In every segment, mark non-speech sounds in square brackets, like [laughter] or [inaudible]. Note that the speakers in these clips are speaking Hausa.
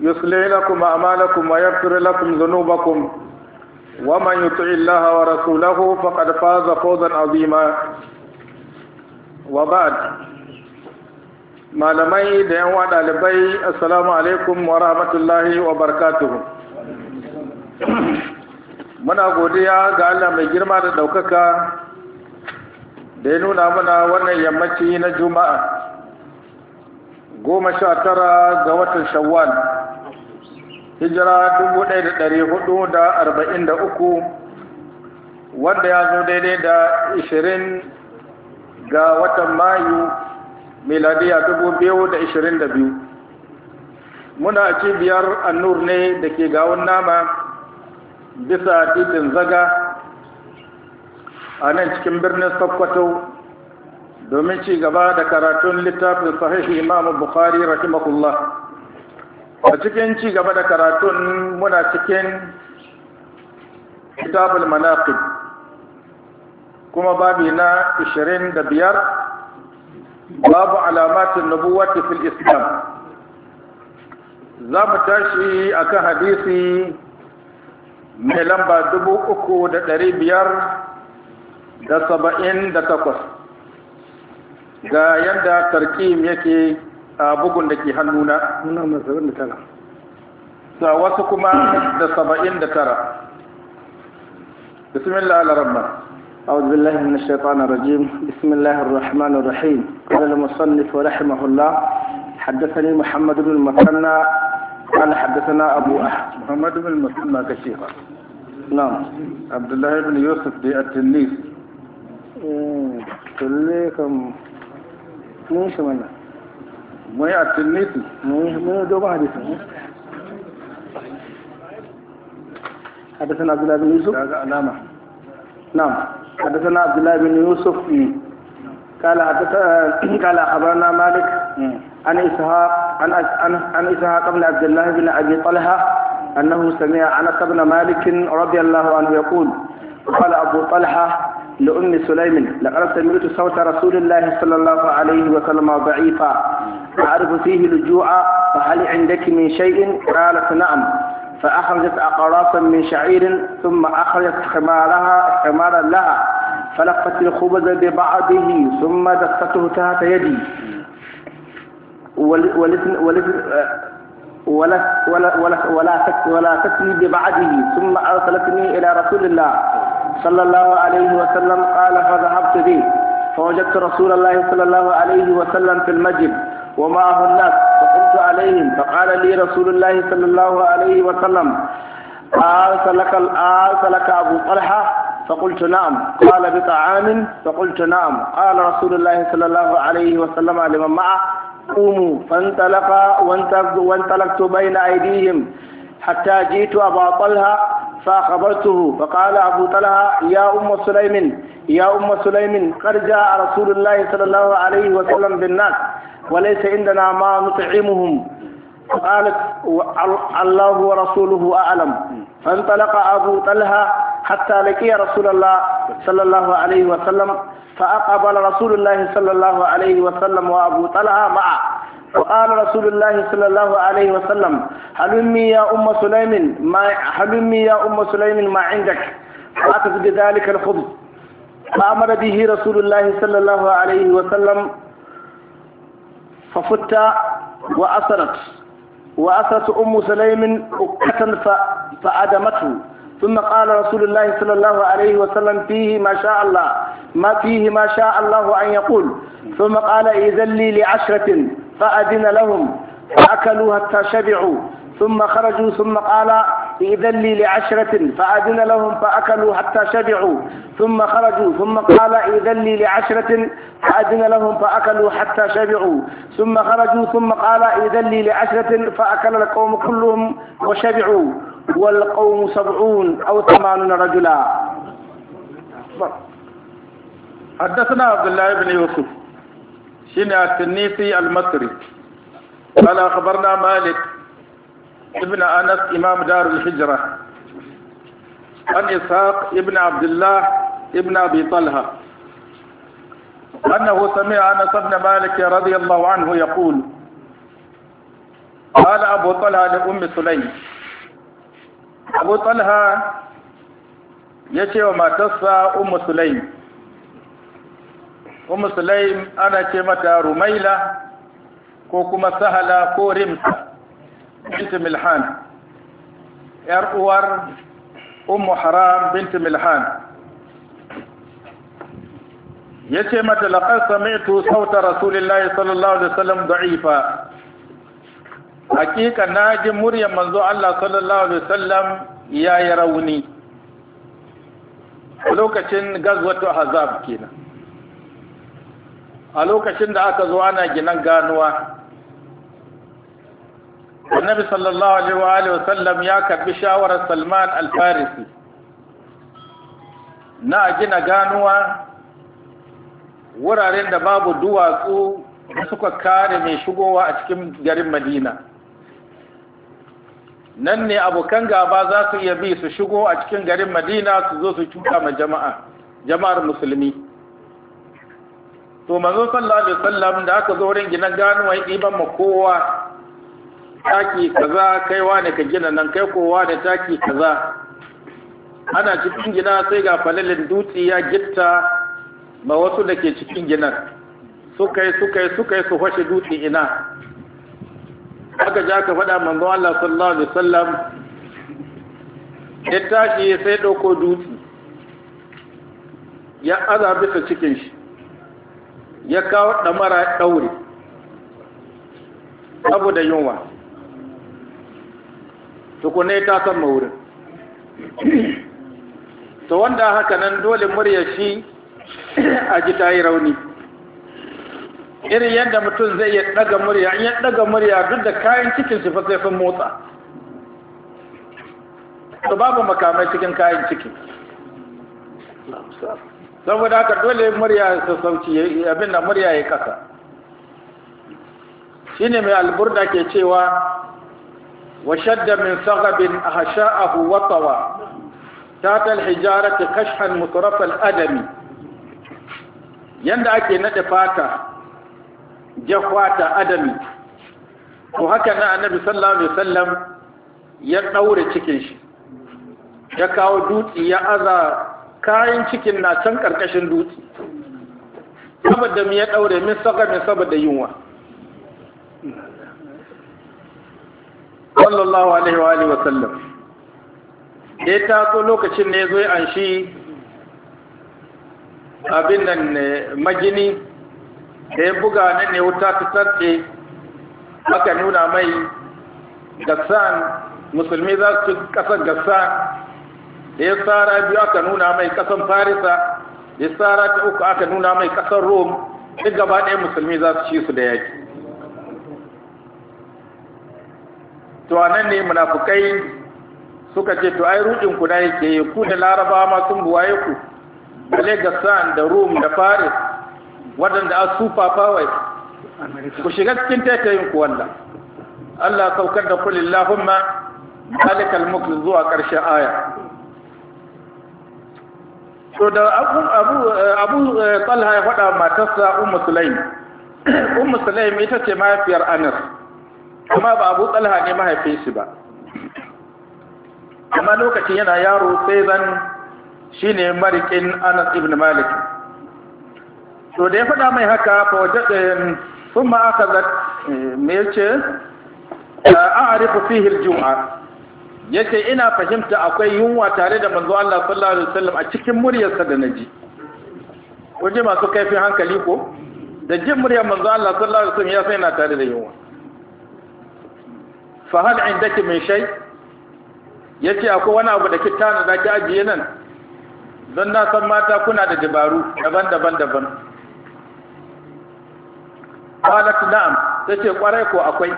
يصلح لكم أعمالكم ويغفر لكم ذنوبكم ومن يطع الله ورسوله فقد فاز فوزا عظيما وبعد malamai da yan ɗalibai assalamu alaikum wa rahmatullahi wa barakatuhu muna godiya ga Allah mai girma da ɗaukaka da ya nuna mana wannan yammaci na juma'a goma sha tara ga watan shawwal hijira 1443 wanda ya zo daidai da 20 ga watan mayu miladiya 2022 muna a cibiyar annur ne da ke gawon nama bisa titin zaga a nan cikin birnin sokoto domin ci gaba da karatun littafin sahihi imamu bukhari rahimahullah a cikin ci gaba da karatun muna cikin kitabul manaqib kuma babi na 25 babu alamatin nubuwati fil islam za mu tashi akan hadisi mai lamba 3578 ga yadda tarkim yake bugun da ke hannuna sa wasu kuma da saba'in da tara bismillah al-rahman a'udhu billahi minash shaitanir rajim bismillahir rahmanir rahim qala al-musannif rahimahullah haddathani muhammad ibn al-mutanna qala haddathana abu ahmad muhammad ibn al-mutanna kashifa na'am abdullah ibn yusuf bi at-tilis eh kullikum mun ما حدثنا عبد الله بن يوسف نعم نعم حدثنا عبد الله بن يوسف قال قال أخبرنا مالك عن إسحاق عن عن إسحاق بن عبد الله بن أبي طلحة أنه سمع أنس بن مالك رضي الله عنه يقول قال أبو طلحة لأم سليم لقد سمعت صوت رسول الله صلى الله عليه وسلم ضعيفا أعرف فيه لجوعا فهل عندك من شيء قالت نعم فأخرجت أقراصا من شعير ثم أخرجت حمارها حمارا لها فلقت الخبز ببعضه ثم دقته تحت يدي ولا تتني ببعضه ثم أرسلتني إلى رسول الله صلى الله عليه وسلم قال فذهبت به فوجدت رسول الله صلى الله عليه وسلم في المسجد ومعه الناس فقمت عليهم فقال لي رسول الله صلى الله عليه وسلم أرسلك لك أبو طلحة فقلت نعم قال بطعام فقلت نعم قال رسول الله صلى الله عليه وسلم لمن معه قوموا فانطلق وانطلقت بين أيديهم حتى جئت أبا طلحة فأخبرته فقال أبو طلحة يا أم سليم يا أم سليم قد جاء رسول الله صلى الله عليه وسلم بالناس وليس عندنا ما نطعمهم قالت الله ورسوله أعلم فانطلق أبو طلحة حتى لقي رسول الله صلى الله عليه وسلم فأقبل رسول الله صلى الله عليه وسلم وأبو طلحة معه وقال رسول الله صلى الله عليه وسلم حلمي يا أم سليم ما حلمي يا أم سليم ما عندك فأتت بذلك الخبز فأمر به رسول الله صلى الله عليه وسلم ففت وأثرت وأثرت أم سليم أكة فأدمته ثم قال رسول الله صلى الله عليه وسلم فيه ما شاء الله ما فيه ما شاء الله أن يقول ثم قال إذن لي لعشرة فأذن لهم فأكلوا حتى شبعوا ثم خرجوا ثم قال إذن لي لعشرة فأذن لهم فأكلوا حتى شبعوا ثم خرجوا ثم قال إذن لي لعشرة فأذن لهم فأكلوا حتى شبعوا ثم خرجوا ثم قال إذن لي لعشرة فأكل القوم كلهم وشبعوا والقوم سبعون أو ثمانون رجلا حدثنا عبد الله بن يوسف شين التنيسي المصري قال أخبرنا مالك ابن أنس إمام دار الهجرة عن إسحاق ابن عبد الله ابن أبي طلحة أنه سمع أنس بن مالك رضي الله عنه يقول قال أبو طلحة لأم سليم أبو طلحة يشي وما تسعى أم سليم umu sulaim ana ce mata rumaila ko kuma sahala ko rimsa bint milhan yar uwar ummu haram bint milhan yace mata laqad sami'tu sauta rasulillahi sallallahu alaihi wasallam da'ifa hakika ji muryar manzo Allah sallallahu alaihi wasallam yayi rauni lokacin gazwatu hazab kenan a lokacin da aka zo ana ginan ganuwa annabi sallallahu alaihi wa sallam ya karbi shawarar salman al-farisi na gina ganuwa wuraren da babu duwatsu da suka kare mai shigowa a cikin garin madina nan ne abokan gaba za su iya bi su shigo a cikin garin madina su zo su cuta ma jama'a jama'ar musulmi to manzo sallallahu alaihi wasallam da aka zo wurin gina ganuwa ya ɗiban ma kowa taki kaza kaiwa ne ka gina nan kai kowa da taki kaza ana cikin gina sai ga falalin dutse ya gitta ma wasu da ke cikin ginar suka yi suka yi suka yi su fashe dutse ina aka ja ka faɗa manzo Allah sallallahu alaihi wasallam ya tashi sai ɗauko dutse ya aza bisa cikin shi ya kawo ɗamara ɗaure saboda yunwa tukune ta san maurin to wanda haka nan dole murya shi a ji ta yi rauni irin yadda mutum zai iya ɗaga murya in ya ɗaga murya duk da kayan cikin shi sai sun motsa to babu makamai cikin kayan ciki saboda haka dole murya sassauci abin da murya ya kasa shine mai alburda ke cewa wa shadda min sagabin ahsha'ahu wa tawa tata alhijarati kashhan mutraf adami yanda ake naɗa fata jahwata adami ko haka na annabi sallallahu alaihi wasallam ya ɗaure cikin shi ya kawo dutse ya aza kayan cikin na can ƙarƙashin dutse saboda mu ya ɗaure min saka min saboda yunwa sallallahu alaihi wa alihi wa sallam ya taso lokacin ne zo an shi abin nan magini da ya buga nan ne wuta ta sarce aka nuna mai gassan musulmi za su kasar gassan da ya tsara biyu aka nuna mai kasan farisa da ya tsara ta uku aka nuna mai kasan rome duk gaba ɗaya musulmi za su ci su da yaki to a nan ne munafukai suka ce to ai rudin ku da yake ku da larabawa ma sun buwaye ku bale gassan da rome da faris waɗanda a super powers ku shiga cikin taitayin ku wanda Allah saukar da kulillahumma malikal mulk zuwa ƙarshen aya to da abu abu eh, abu eh, talha ya faɗa matarsa ummu sulaim [clears throat] ummu sulaim ita ce mahaifiyar anas kuma ba abu talha ne mahaifin shi ba amma lokacin yana yaro sai zan shine marikin anas ibn malik to da ya faɗa mai haka fa ma aka akhadhat me a eh, a'rifu fihi al-jum'a ce ina fahimta akwai yunwa tare da manzo Allah sallallahu alaihi wasallam a cikin muryarsa da naji waje masu kaifin hankali ko da jin muryar manzo Allah sallallahu alaihi wasallam ya sai na tare da yunwa fa hal indaki min shay yace akwai wani abu da kitana da ki ajiye nan don na san mata kuna da dabaru daban-daban daban qalat na'am tace kwarai ko akwai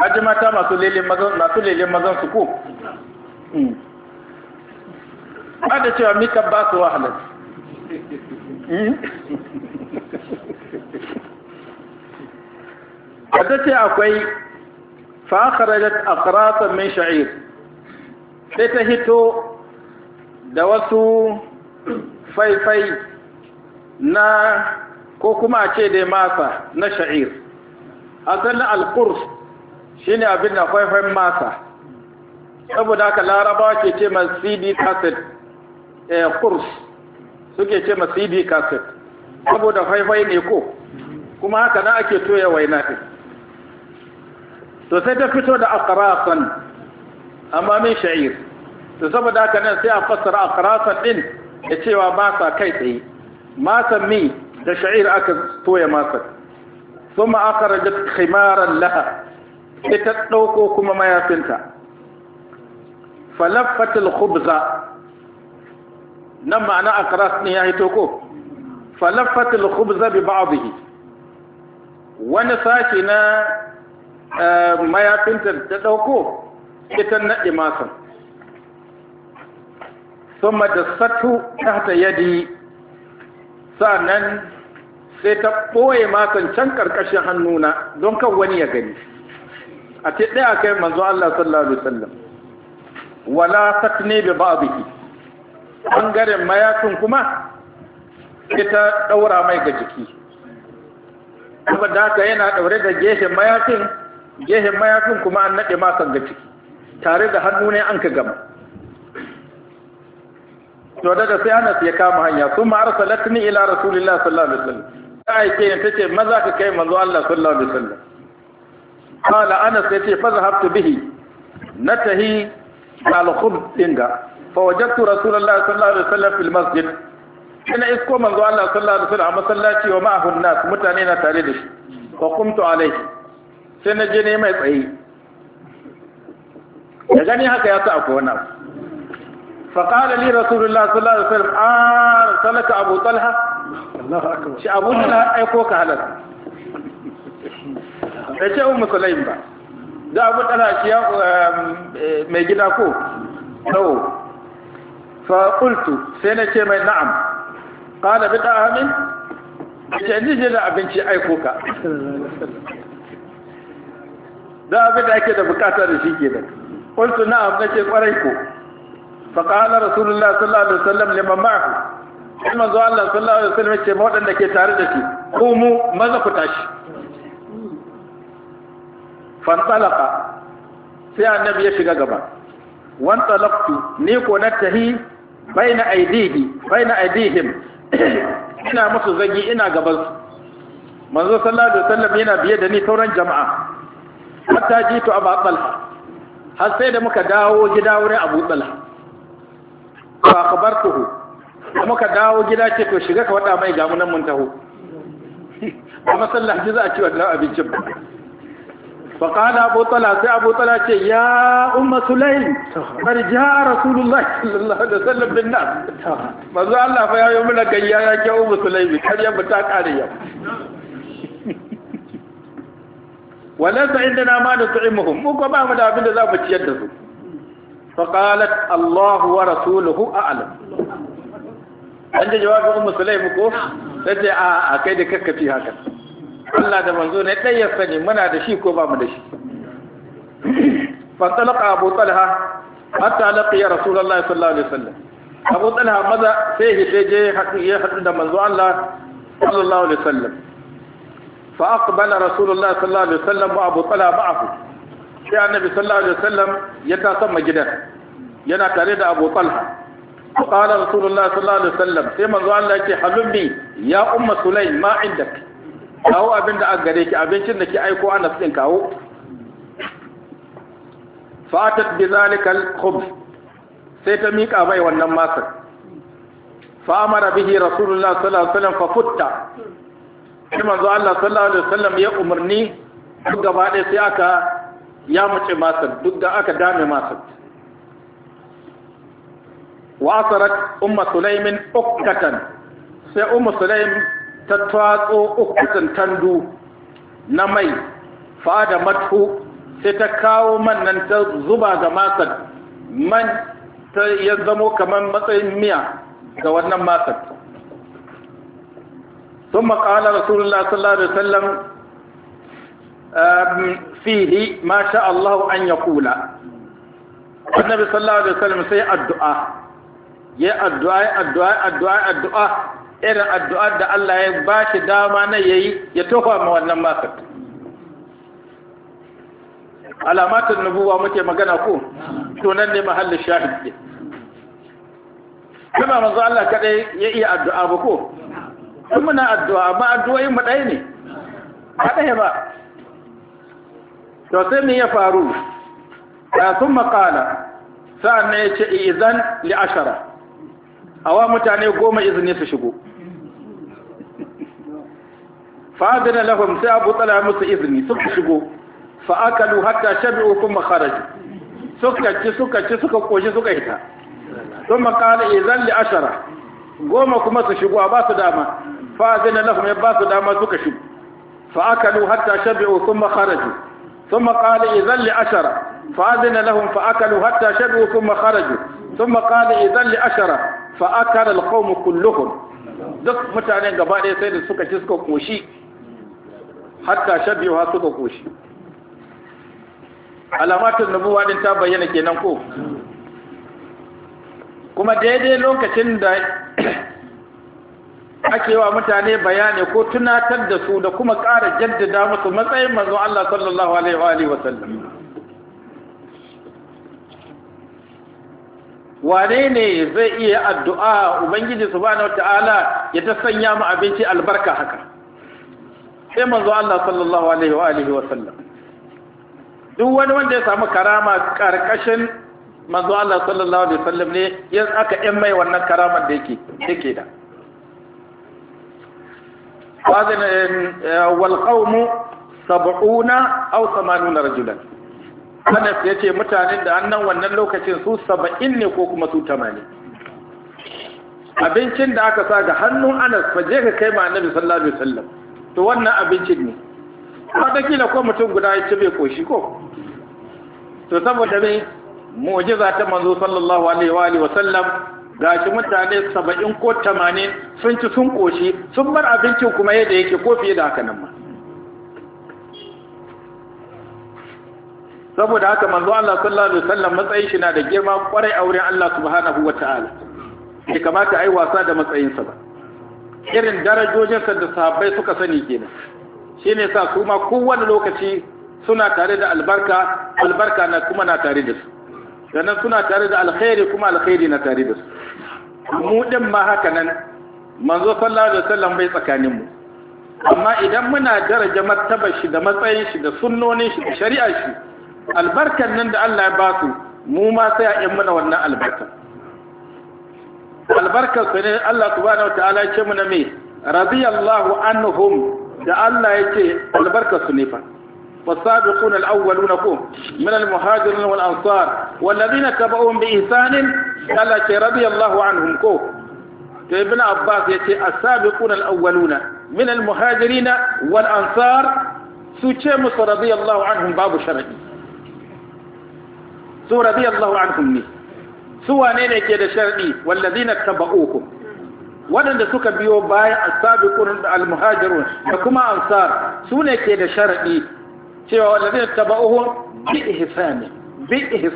haji mata masu lele mazan su ko hmm. ba da cewa mika ba su wahalar wadda hmm. [laughs] ce akwai fa'akarajar akaratan min sha'ir sai ta hito da wasu faifai na ko kuma a ce dai masa na sha'ir asalin alkurs Shi ne abin da kwaifan masa saboda haka laraba ke ce ma cd cassette eh kurs suke ce ma cd cassette saboda kwaifai ne ko kuma haka na ake toya waina ɗin to sai ta fito da akarasan amma min sha'ir to saboda haka nan sai a fassara akarasan ɗin da cewa masa kai tsaye masan mi da sha'ir aka toya masa ثم أخرجت خمارا لها sai ta ɗauko kuma mayafinta falaffatul khubza nan ma'ana a akras ɗin ya hito ko falaffatul khubza bi ba'dihi wani sashi na eh, mayafinta ta ɗauko ita naɗe masan da satu tahta yadi sa'annan sai ta ɓoye masan can ƙarƙashin hannuna don kan wani ya gani a ce ɗaya kai manzo Allah sallallahu alaihi wasallam wala takni bi ba'dihi bangaren mayafin kuma ita daura mai ga jiki kuma da haka yana daure da gehen mayafin gehen mayafin kuma an nade masan ga ciki tare da hannu ne an ka gama to da da sai Anas ya kama hanya kuma arsalatni ila rasulillahi sallallahu alaihi wasallam sai ce tace maza ka kai manzo Allah sallallahu alaihi wasallam qala anas yace fa zahabtu bihi na tahi khubz dinga fa wajadtu rasulullahi sallallahu alaihi wasallam fil masjid ina isko manzo Allah sallallahu alaihi wasallam masallaci wa ma'ahu nas mutane na tare da shi fa qumtu alaihi sai na je ne mai tsayi. da gani haka ya sa akwai wani abu فقال لي رسول الله صلى الله عليه وسلم ارسلك ابو طلحه الله اكبر شي ابو طلحه ka هلك bai ce umu sulaim ba da abu shi ya um, eh, mai gida ko tsawo fa qultu sai na ce mai na'am qala bi ta'amin ce ni je da abinci aiko ka da abu da ake da bukatar da shi da qultu na'am ce kwarai ko fa qala rasulullah sallallahu alaihi wasallam liman ma'ahu kuma zuwa Allah sallallahu alaihi wasallam ce ma waɗanda ke tare da shi ko mu maza ku tashi fantalaka sai annabi ya shiga gaba wan talaqtu ni ko na tahi baina aidihi baina aidihim [clears throat] ina musu zagi ina gaban su manzo sallallahu alaihi wasallam yana biye da ni tauran jama'a hatta jitu aba talha har sai da muka dawo gida wurin abu talha fa akhbartuhu muka dawo gida ce to shiga ka wada mai gamunan mun taho kuma [laughs] sallah ji za a ci wannan abincin faƙada abotala sai abotala ce ya umar sulayin ƙar ji ha rasulullah sallallahu da sallabin nan mazu allah fa yayo mana gayya ya ke umar sulayin karye mutu ƙari yau walensa inda na ma da su imuhun muka abin da za mu ciyar da su faƙalat allahu wa rasuluhu a alam an ji jawabin umar sulayin ko sai ce a kai da kakkafi haka Allah da manzo ne dai ya sani muna da shi ko ba mu da shi fantalaka abu talha hatta laqiya rasulullahi sallallahu alaihi wasallam abu talha maza sai hije je ya hadu da manzo Allah sallallahu alaihi wasallam fa aqbala rasulullahi sallallahu alaihi wasallam wa abu talha ma'ahu sai annabi sallallahu alaihi wasallam ya ta tasan magidan yana tare da abu talha qala rasulullahi sallallahu alaihi wasallam sai manzo Allah yake halummi ya umma sulaim ma indaka kawo abin da an gare ki abincin da ki aiko ana cikin kawo fatat bi zalikal khubz sai ta mika mai wannan masar fa amara bihi rasulullah sallallahu alaihi wasallam fa futta kuma zo Allah sallallahu alaihi wasallam ya umarni duk gaba da sai aka ya muce masar duk da aka dame masar wa asarat umma sulaimin ukkatan sai umma sulaimin ta tatso ukutun tandu na mai fada matu sai ta kawo man nan ta zuba ga masar man ta ya zamo kamar matsayin miya ga wannan masar sun maƙala rasulullah sallallahu alaihi wasallam ehm, fihi ma sha Allah an ya kula annabi sallallahu alaihi wasallam sai addu'a ya addu'a addu'a addu'a addu'a irin addu'ar da Allah ya ba shi dama na ya yi ya tofa ma wannan makar Alamatar nubuwa muke magana ko tunan ne mahallin shahid ne kuma manzo Allah kaɗai ya iya addu'a ba ko sun na addu'a amma addu'o'in mu ɗaya ne ba ba to sai ya faru ya sun makala sa'an na ya ce izan li ashara awa mutane goma izini su shigo fa'adana lahum sai abu tsala musu izini suka shigo fa'akalu hatta shabi'u kuma kharaju suka ci suka ci suka koshi suka hita don makala izan li ashara goma kuma su shigo a ba su dama fa'adana lahum ya ba su dama suka shigo fa'akalu hatta shabi'u kuma kharaju ثم قال إذن لأشرة فأذن لهم فأكلوا حتى شبعوا ثم خرجوا ثم قال إذن لأشرة فأكل القوم كلهم duk mutanen gaba ɗaya sai da suka ci suka koshi hatta shabiha suka koshi alamatun nubuwa din ta bayyana kenan ko kuma daidai lokacin da [clears throat] ake wa mutane bayani ko tunatar da su da kuma ƙara jaddada musu matsayin manzon Allah sallallahu alaihi wa wane ne zai iya addu'a ubangiji subhanahu wataala ya ta sanya mu abinci albarka haka sai manzo Allah sallallahu alaihi wa alihi wa sallam duk wani wanda ya samu karama karkashin manzo Allah sallallahu alaihi wa sallam ne ya aka yan mai wannan karama da yake yake da wazin eh, wal qawmu sab'una aw 80 rajulan Anas ya ce mutanen da annan wannan lokacin su saba'in ne ko kuma su 80 Abincin da aka sa ga hannun Anas fa je ka kai ma Annabi sallallahu alaihi wasallam. to wannan abincin ne watakila ko mutum guda ya ci bai koshi ko to saboda ne mu'jiza ta manzo sallallahu alaihi wa sallam gashi mutane saba'in ko tamanin sun ci sun koshi sun bar abincin kuma yadda yake ko fiye da haka nan ma saboda haka manzo Allah sallallahu alaihi wa sallam, matsayin shi na da girma kwarai a wurin Allah subhanahu wataala bai kamata ai wasa da matsayinsa ba irin darajojinsa da sahabbai suka sani kenan shi ne sa su ma kowane lokaci suna tare da albarka albarka na kuma na tare da su sannan suna tare da alkhairi kuma alkhairi na tare da su mu din ma haka nan manzo sallallahu alaihi wasallam bai tsakanin mu amma idan muna daraja martaba shi da matsayin shi da sunnonin shi da shari'ar shi albarkan nan da Allah ya ba su mu ma sai a yi muna wannan albarkan albarkar su ne Allah subhanahu ta'ala ya ce mana me radiyallahu anhum da ala ya ce albarkar su ne fa fasabiquna alawwalun kum min almuhajirin wal ansar wal ladina tabauhum bi ihsanin Allah ce radiyallahu anhum ko to ibn abbas ya ce asabiquna alawwalun min almuhajirin wal ansar su ce musu radiyallahu anhum babu sharadi su radiyallahu anhum ne su wane ne ke da sharɗi wallazina taba'ukum waɗanda suka biyo bayan asabiqun almuhajirun da kuma ansar su ne ke da sharɗi cewa wallazina taba'uhum bi ihsani bi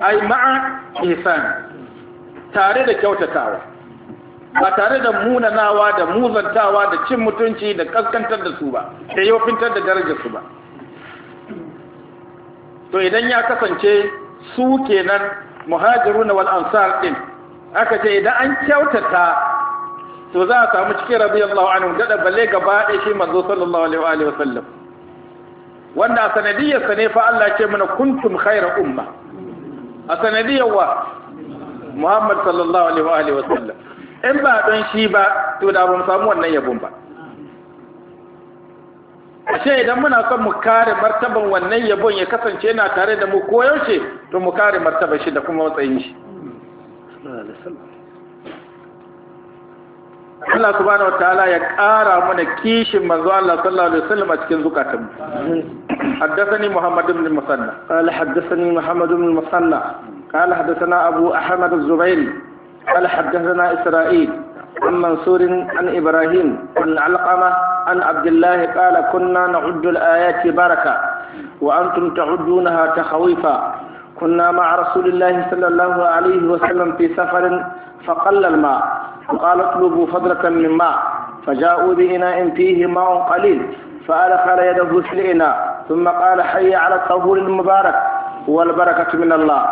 A ai ma'a ihsani tare da kyautatawa ba tare da munanawa da muzantawa da cin mutunci da kaskantar da su ba da yofintar da darajar su ba to idan ya kasance su kenan muhajiruna wal ansar ɗin, aka ce idan an kyautata to za a samu cikin radiyallahu anhu daɗa balle gaba ɗaya shi manzo sallallahu alaihi wa sallam wanda a sanadiyarsa ne fa Allah ce mana kuntum haira umma a sanadiyar wa Muhammad sallallahu alaihi wa sallam in ba don shi ba to da ba mu samu wannan yabon ba ashe idan muna son mu kare martaban wannan yabon ya kasance yana tare da mu koyaushe to mu kare martaba shi da kuma matsayin shi Allah subhanahu wataala ya kara mana kishin manzo Allah sallallahu alaihi wasallam a cikin zukatun haddathani Muhammad ibn Musanna qala haddathani Muhammad ibn Musanna qala haddathana Abu Ahmad az-Zubairi qala haddathana Isra'il عن منصور عن إبراهيم عن علقمة عن عبد الله قال كنا نعد الآيات بركة وأنتم تعدونها تخويفا كنا مع رسول الله صلى الله عليه وسلم في سفر فقل الماء وقال اطلبوا فضلة من ماء فجاءوا بإناء فيه ماء قليل فأدخل يده في الإناء ثم قال حي على الطهور المبارك والبركة من الله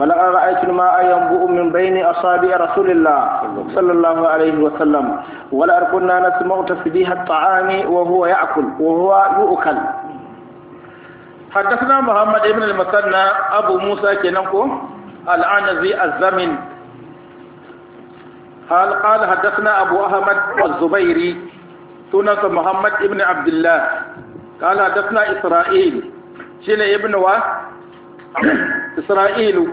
فلقد رأيت الماء ينبوء من بين أصابع رسول الله صلى الله عليه وسلم ولقد كنا نسمع تسبيح الطعام وهو يأكل وهو يؤكل حدثنا محمد بن المثنى أبو موسى كنكو العنزي الزمن قال قال حدثنا أبو أحمد الزبيري سنة محمد بن عبد الله قال حدثنا إسرائيل شين ابن و إسرائيل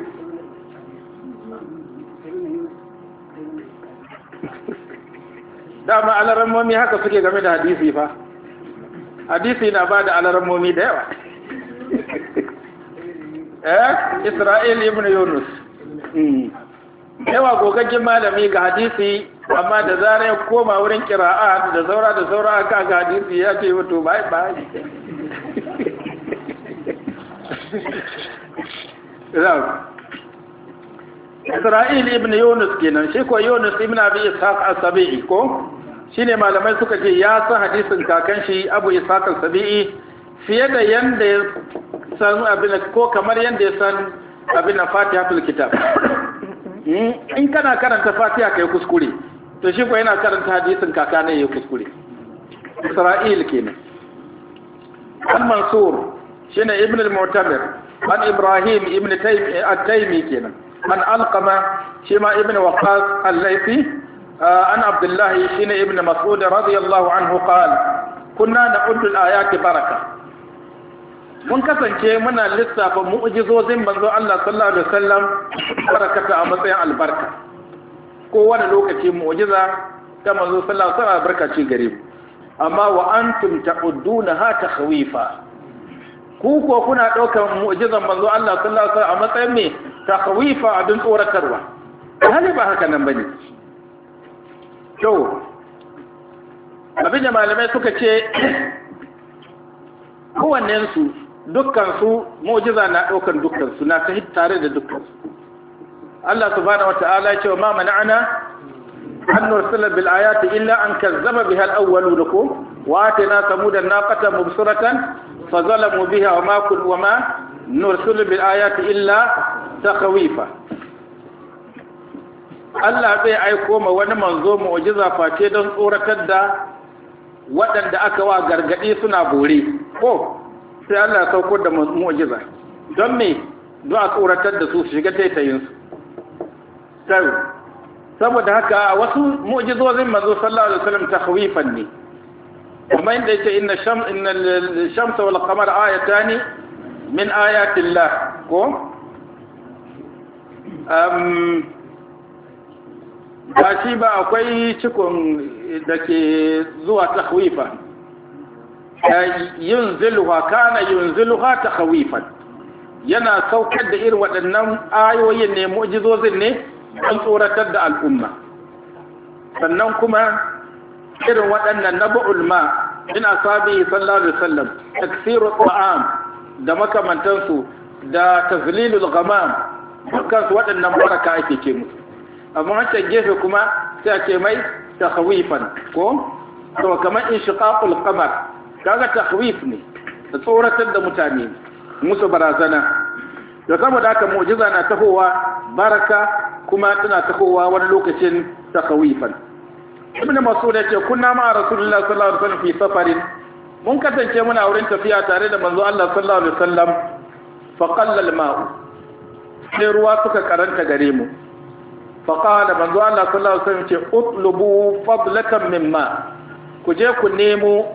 dama alarammomi haka suke game da hadisi fa hadisi na ba da alarammomi da yawa [laughs] eh isra'il ibn yunus hmm. yawa gogaggen malami ga hadisi amma da zara ya koma wurin kira'a da zaura da zaura aka ga hadisi ya ce wato bai bai Zau. Isra'il ibn Yunus kenan shi ko Yunus ibn Abi Ishaq as-Sabi'i ko shine malamai suka ce ya san hadisin kakan shi Abu Ishaq as-Sabi'i fiye da yanda ya san abin ko kamar yanda ya san abin Fatihatul Kitab hmm? in kana karanta Fatiha kai kuskure to shi ko yana karanta hadisin kaka ne yake kuskure Isra'il kenan Al-Mansur shine Ibn al-Mu'tamir an Ibrahim ibn Taymi at-Taymi kenan an alqama shi ma ibn waqas al-laythi an abdullah shine ibn mas'ud radiyallahu anhu qala kunna na'uddu al baraka mun kasance muna lissafa mu'jizozin manzo Allah sallallahu alaihi wasallam barakata a matsayin albarka kowane lokaci mu'jiza ta manzo sallallahu alaihi wasallam barka ci gare mu amma wa antum ta'udduna ha takhwifa ku ko kuna ɗaukar mu'jizan manzo Allah sallallahu alaihi wasallam a matsayin me takhwifa abin tsoratarwa hali ba haka nan bane to abin da malamai suka ce [clears throat] kowannen su dukkan su mu'jiza na ɗaukar dukkan su na tahi tare da dukkan su Allah subhanahu wata'ala ya ce ma mana'ana an nursila bil ayati illa an kazzaba biha al-awwaluna ko wa atana samudan naqatan mubsiratan فظلموا بها وما كل وما نرسل بالآيات إلا تخويفا Allah zai aiko ma wani manzo mu'jiza face don tsoratar da waɗanda aka wa gargaɗi suna bore ko sai Allah ya sauko da mu'jiza don me don a tsoratar da su shiga taitayin su saboda haka wasu mu'jizozin manzo sallallahu alaihi wasallam takhwifan ne kuma inda yake inna sham inna shamsa wal qamar ayatani min ayatillah ko um ba shi ba akwai cikon da ke zuwa takhwifa yunziluha kana yunziluha takhwifan yana saukar da irin waɗannan ayoyin ne mu'jizozin ne don tsoratar da al'umma sannan kuma irin waɗannan na ma ina sabi sallallahu da sallam taksiru da makamantansu da tazlilul gamam dukkan waɗannan baraka ake ce musu amma wancan gefe kuma sai a ce mai ta hawifan ko to kamar inshiqaqul qamar kaga hawif ne da tsoratar da mutane musu barazana da saboda haka mu'jiza na tahowa baraka kuma tana tafowa wani lokacin ta hawifan ibn mas'ud yace kunna ma rasulullahi sallallahu alaihi wasallam fi safarin mun kasance muna wurin tafiya tare da manzo Allah sallallahu alaihi wasallam fa qalla al-ma'u sai ruwa suka karanta gare mu fa qala manzo Allah sallallahu alaihi wasallam ce utlubu fadlatan mimma ku je ku nemo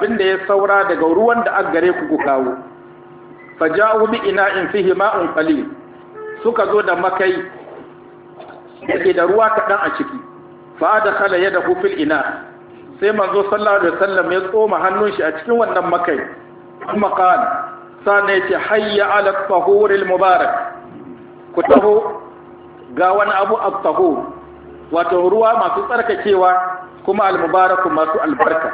abin da ya saura daga ruwan da aka gare ku ku kawo fa ja'u bi ina'in fihi ma'un qalil suka zo da makai da da ruwa kaɗan a ciki fa da kala ya da fil ina sai manzo sallallahu alaihi wasallam ya tsoma hannun shi a cikin wannan makai kuma kana sana ce hayya ala tahur al mubarak ku taho ga wani abu at tahur wato ruwa masu tsarkakewa kuma al mubarak masu albarka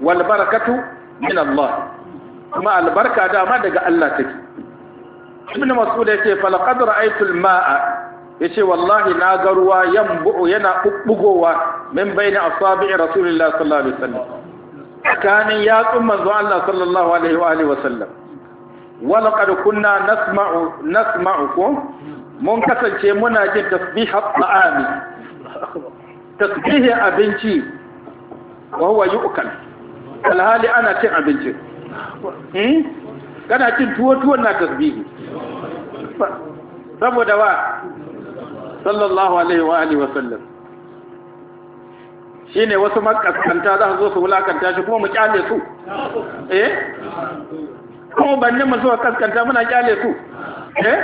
wal barakatu min Allah kuma albarka dama daga Allah take ibn mas'ud ya ce fa laqad ra'aytu al ma'a yace wallahi na ga ruwa yan yambu yana bubbugowa min a asabi'i rasulillahi sallallahu alaihi wasallam tsakanin yatsun manzo Allah sallallahu alaihi wa alihi wasallam wala qad kunna nasma'u nasma'ukum mun kasance muna jin tasbihat ta'ami tasbihi abinci wa huwa yu'kal alhali ana cin abinci hmm? kana cin tuwo tuwon na tasbihi saboda wa sallallahu alaihi wa alihi wa sallam shine wasu makaskanta za su zo su wulakanta shi kuma mu kyale su eh kuma banne mu zo kaskanta muna kyale su eh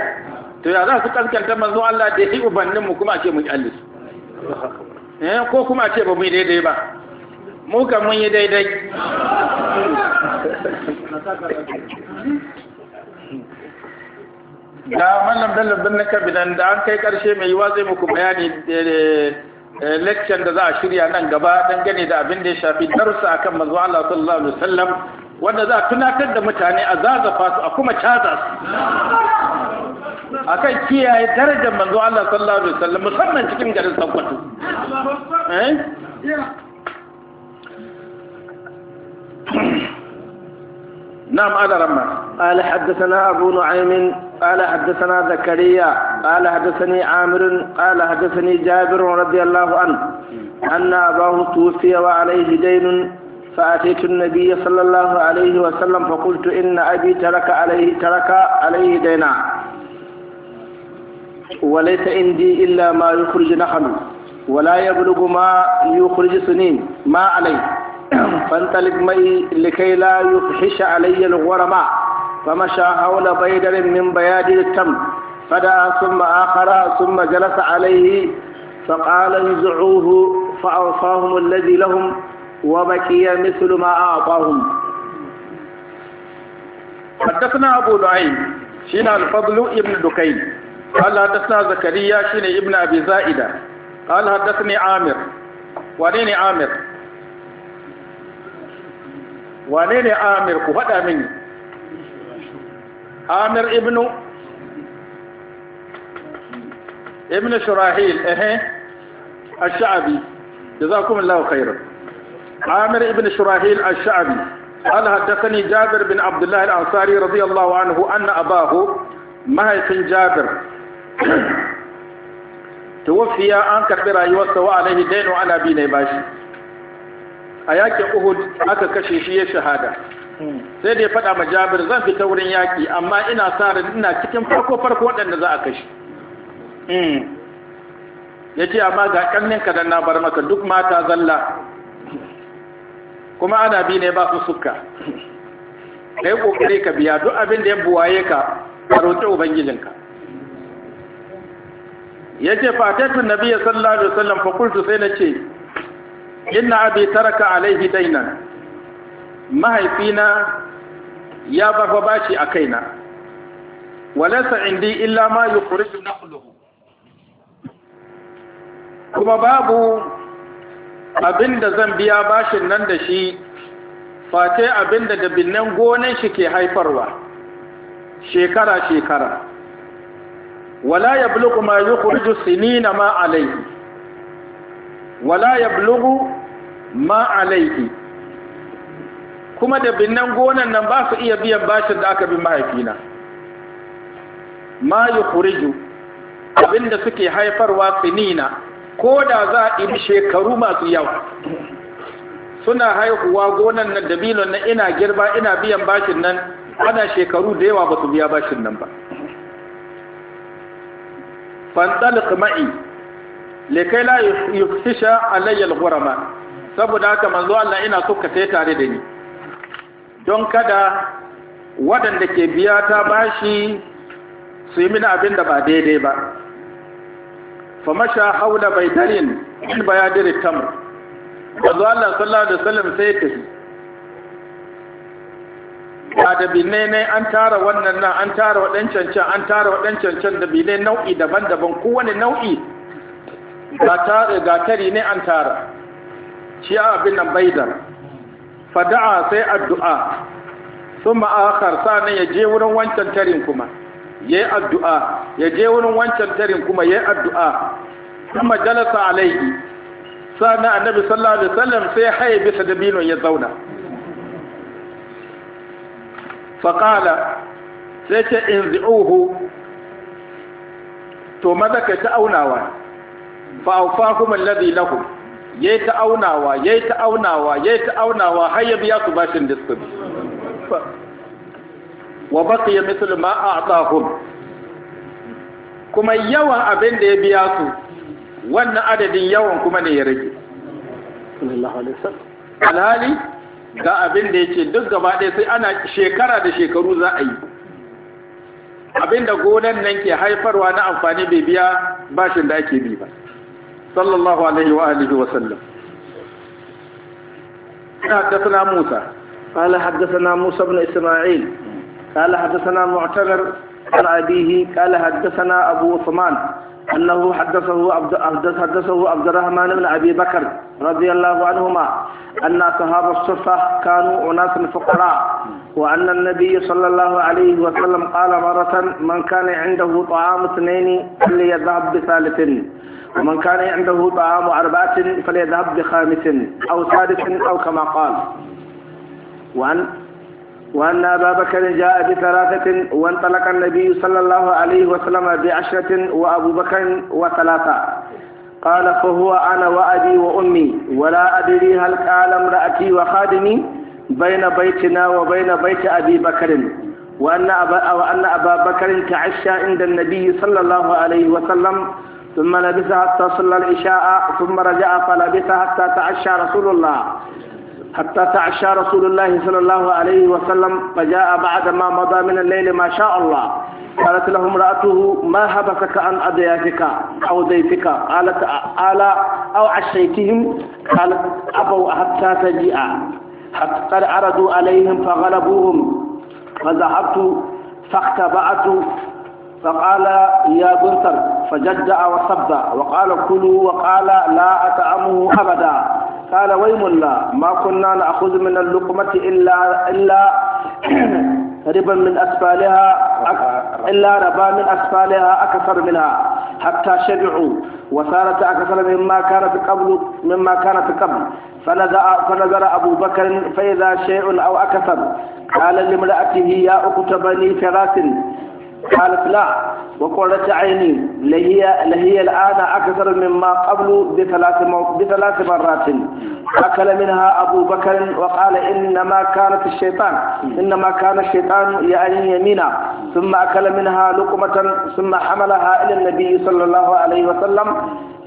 to ya za su kaskanta manzo Allah da yi ubannin mu kuma ce mu kyale su eh ko kuma ce ba mu daidai ba mu kan mun yi daidai da mallam bello birnin kabinan da an kai karshe mai yiwa zai muku bayani da eh, eh, lecture da za a shirya nan gaba dangane da abin da ya shafi darussa akan mazuwa Allah sallallahu alaihi wasallam wanda za a tunatar da mutane a zazafa su a kuma caza su kan kiyaye darajar manzo Allah sallallahu alaihi wasallam musamman cikin garin Sokoto eh? نعم هذا رمى قال حدثنا أبو نعيم قال حدثنا زكريا قال حدثني عامر قال حدثني جابر رضي الله عنه أن أباه توفي وعليه دين فأتيت النبي صلى الله عليه وسلم فقلت إن أبي ترك عليه ترك عليه دينا وليس عندي إلا ما يخرج نخل ولا يبلغ ما يخرج سنين ما عليه [clears throat] فانطلق معي لكي لا يفحش علي الغرماء فمشى حول بيدر من بيادر التم فدعا ثم آخر ثم جلس عليه فقال انزعوه فأوصاهم الذي لهم وبكي مثل ما أعطاهم حدثنا أبو نعيم شين الفضل ابن دكين قال حدثنا زكريا شين ابن أبي زائدة قال حدثني عامر وليني عامر wane ne amir ku faɗa min amir ibnu ibnu shurahil ehe ash-sha'bi jazakumullahu khairan amir ibnu shurahil ash-sha'bi قال حدثني جابر بن عبد الله الأنصاري رضي الله عنه أن أباه مهيث جابر توفي أنكر برأي وسوى عليه دين على ne bashi. a yakin uhud aka kashe shi ya shahada sai da ya faɗa ma jabir zan fita wurin yaƙi amma ina sa ran ina cikin farko farko waɗanda za a kashe hmm. ya ce amma ga ƙannin ka na bar maka duk mata zalla kuma ana bi ne ba su suka da ya ƙoƙari ka biya duk abin da ya buwaye ka a roƙe ubangijinka ya ce fatatun nabi ya sallallahu alaihi wasallam fakultu sai na ce inna abi taraka alaihi dainan mahaifina ya bafa bashi a kaina walasa indi illa ma yukhriju nakhluhu kuma babu abinda zan biya bashin nan da shi face abinda da binnan gonan shi ke haifarwa shekara shekara wala yablughu ma yukhriju sinina ma alaihi wala bulugu ma alaihi kuma da binnan gonan nan ba su iya biyan bashin da aka bi mahaifina ma kuriju abinda suke haifarwa finina ko da za a ɗibi shekaru masu yawa suna haihuwa gonan nan dabilon nan ina girba ina biyan bashin nan ana shekaru da yawa ba su biya bashin nan ba fantsalik ma'i lekai la yufisha alayyar gurama saboda haka manzo Allah ina so ka sai tare da ni don kada waɗanda ke biya ta bashi su yi mini abin da ba daidai ba masha haula baitarin in bayadir tamr manzo Allah sallallahu alaihi wasallam sai ya tafi ba da ne an tara wannan nan an tara waɗancan can an tara waɗancan can da binne nau'i daban-daban kowane nau'i ga tari ne an tara shi abin nan baidar fada'a sai addu'a sun ma'akar sa'anin ya je wurin wancan tarin kuma ya yi addu'a ya je wurin wancan tarin kuma ya yi addu'a sun majalasa alaihi sa'anin annabi sallallahu alaihi wasallam sai haye bisa dabinon ya zauna faƙala sai ce in zi'uhu to maza ka ta aunawa fa'aufa kuma ladi lahum Yai ta aunawa yayi ta aunawa ta aunawa har ya biya su bashin diskin Wa wa baqiya musulma ma a'tahum kuma yawan abin da ya biya su wannan adadin yawan kuma ne ya rage alhali ga abin da yake duk gaba ɗaya sai ana shekara da shekaru za a yi abin da gonan nan ke haifarwa na amfani bai biya bashin da ake bi ba صلى الله عليه وآله وسلم حدثنا موسى قال حدثنا موسى بن إسماعيل قال حدثنا معتمر عن أبيه قال حدثنا أبو عثمان أنه حدثه عبد حدثه عبد الرحمن بن أبي بكر رضي الله عنهما أن أصحاب الصفة كانوا أناس فقراء وأن النبي صلى الله عليه وسلم قال مرة من كان عنده طعام اثنين فليذهب بثالث ومن كان عنده طعام أربعة فليذهب بخامس أو سادس أو كما قال وأن وأن أبا بكر جاء بثلاثة وانطلق النبي صلى الله عليه وسلم بعشرة وأبو بكر وثلاثة قال فهو أنا وأبي وأمي ولا أدري هل قال امرأتي وخادمي بين بيتنا وبين بيت أبي بكر وأن أبا, وأن أبا بكر تعشى عند النبي صلى الله عليه وسلم ثم لبس حتى صلى العشاء ثم رجع فلبس حتى تعشى رسول الله حتى تعشى رسول الله صلى الله عليه وسلم فجاء بعد ما مضى من الليل ما شاء الله قالت له امرأته ما هبتك عن أضيافك أو ضيفك قالت ألا أو عشيتهم قالت أبوا حتى تجيء حتى عرضوا عليهم فغلبوهم فذهبت فاختبأت فقال يا بنتر فجدع وصب وقال كلوا وقال لا أطعمه أبدا قال ويم الله ما كنا نأخذ من اللقمة إلا إلا [clears throat] ربا من أسفالها إلا ربا من أسفالها أكثر منها حتى شبعوا وصارت أكثر مما كانت قبل مما كانت قبل فنظر أبو بكر فإذا شيء أو أكثر قال لامرأته يا أخت بني فراس قالت لا وقالت عيني لهي, لهي الآن أكثر مما قبل بثلاث, بثلاث مرات أكل منها أبو بكر وقال إنما كانت الشيطان إنما كان الشيطان يعني يمينا ثم أكل منها لقمة ثم حملها إلى النبي صلى الله عليه وسلم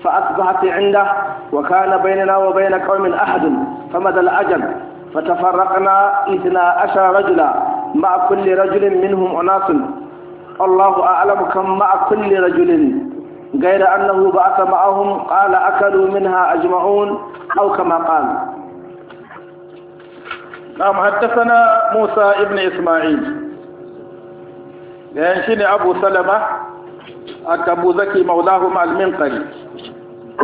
فأصبحت عنده وكان بيننا وبين قوم أحد فمدى الأجل فتفرقنا إثنا عشر رجلا مع كل رجل منهم أناس الله أعلم كم مع كل رجل غير أنه بعث معهم قال أكلوا منها أجمعون أو كما قال نعم حدثنا موسى ابن إسماعيل ينشن أبو سلمة أبو زكي مولاه مع المنقل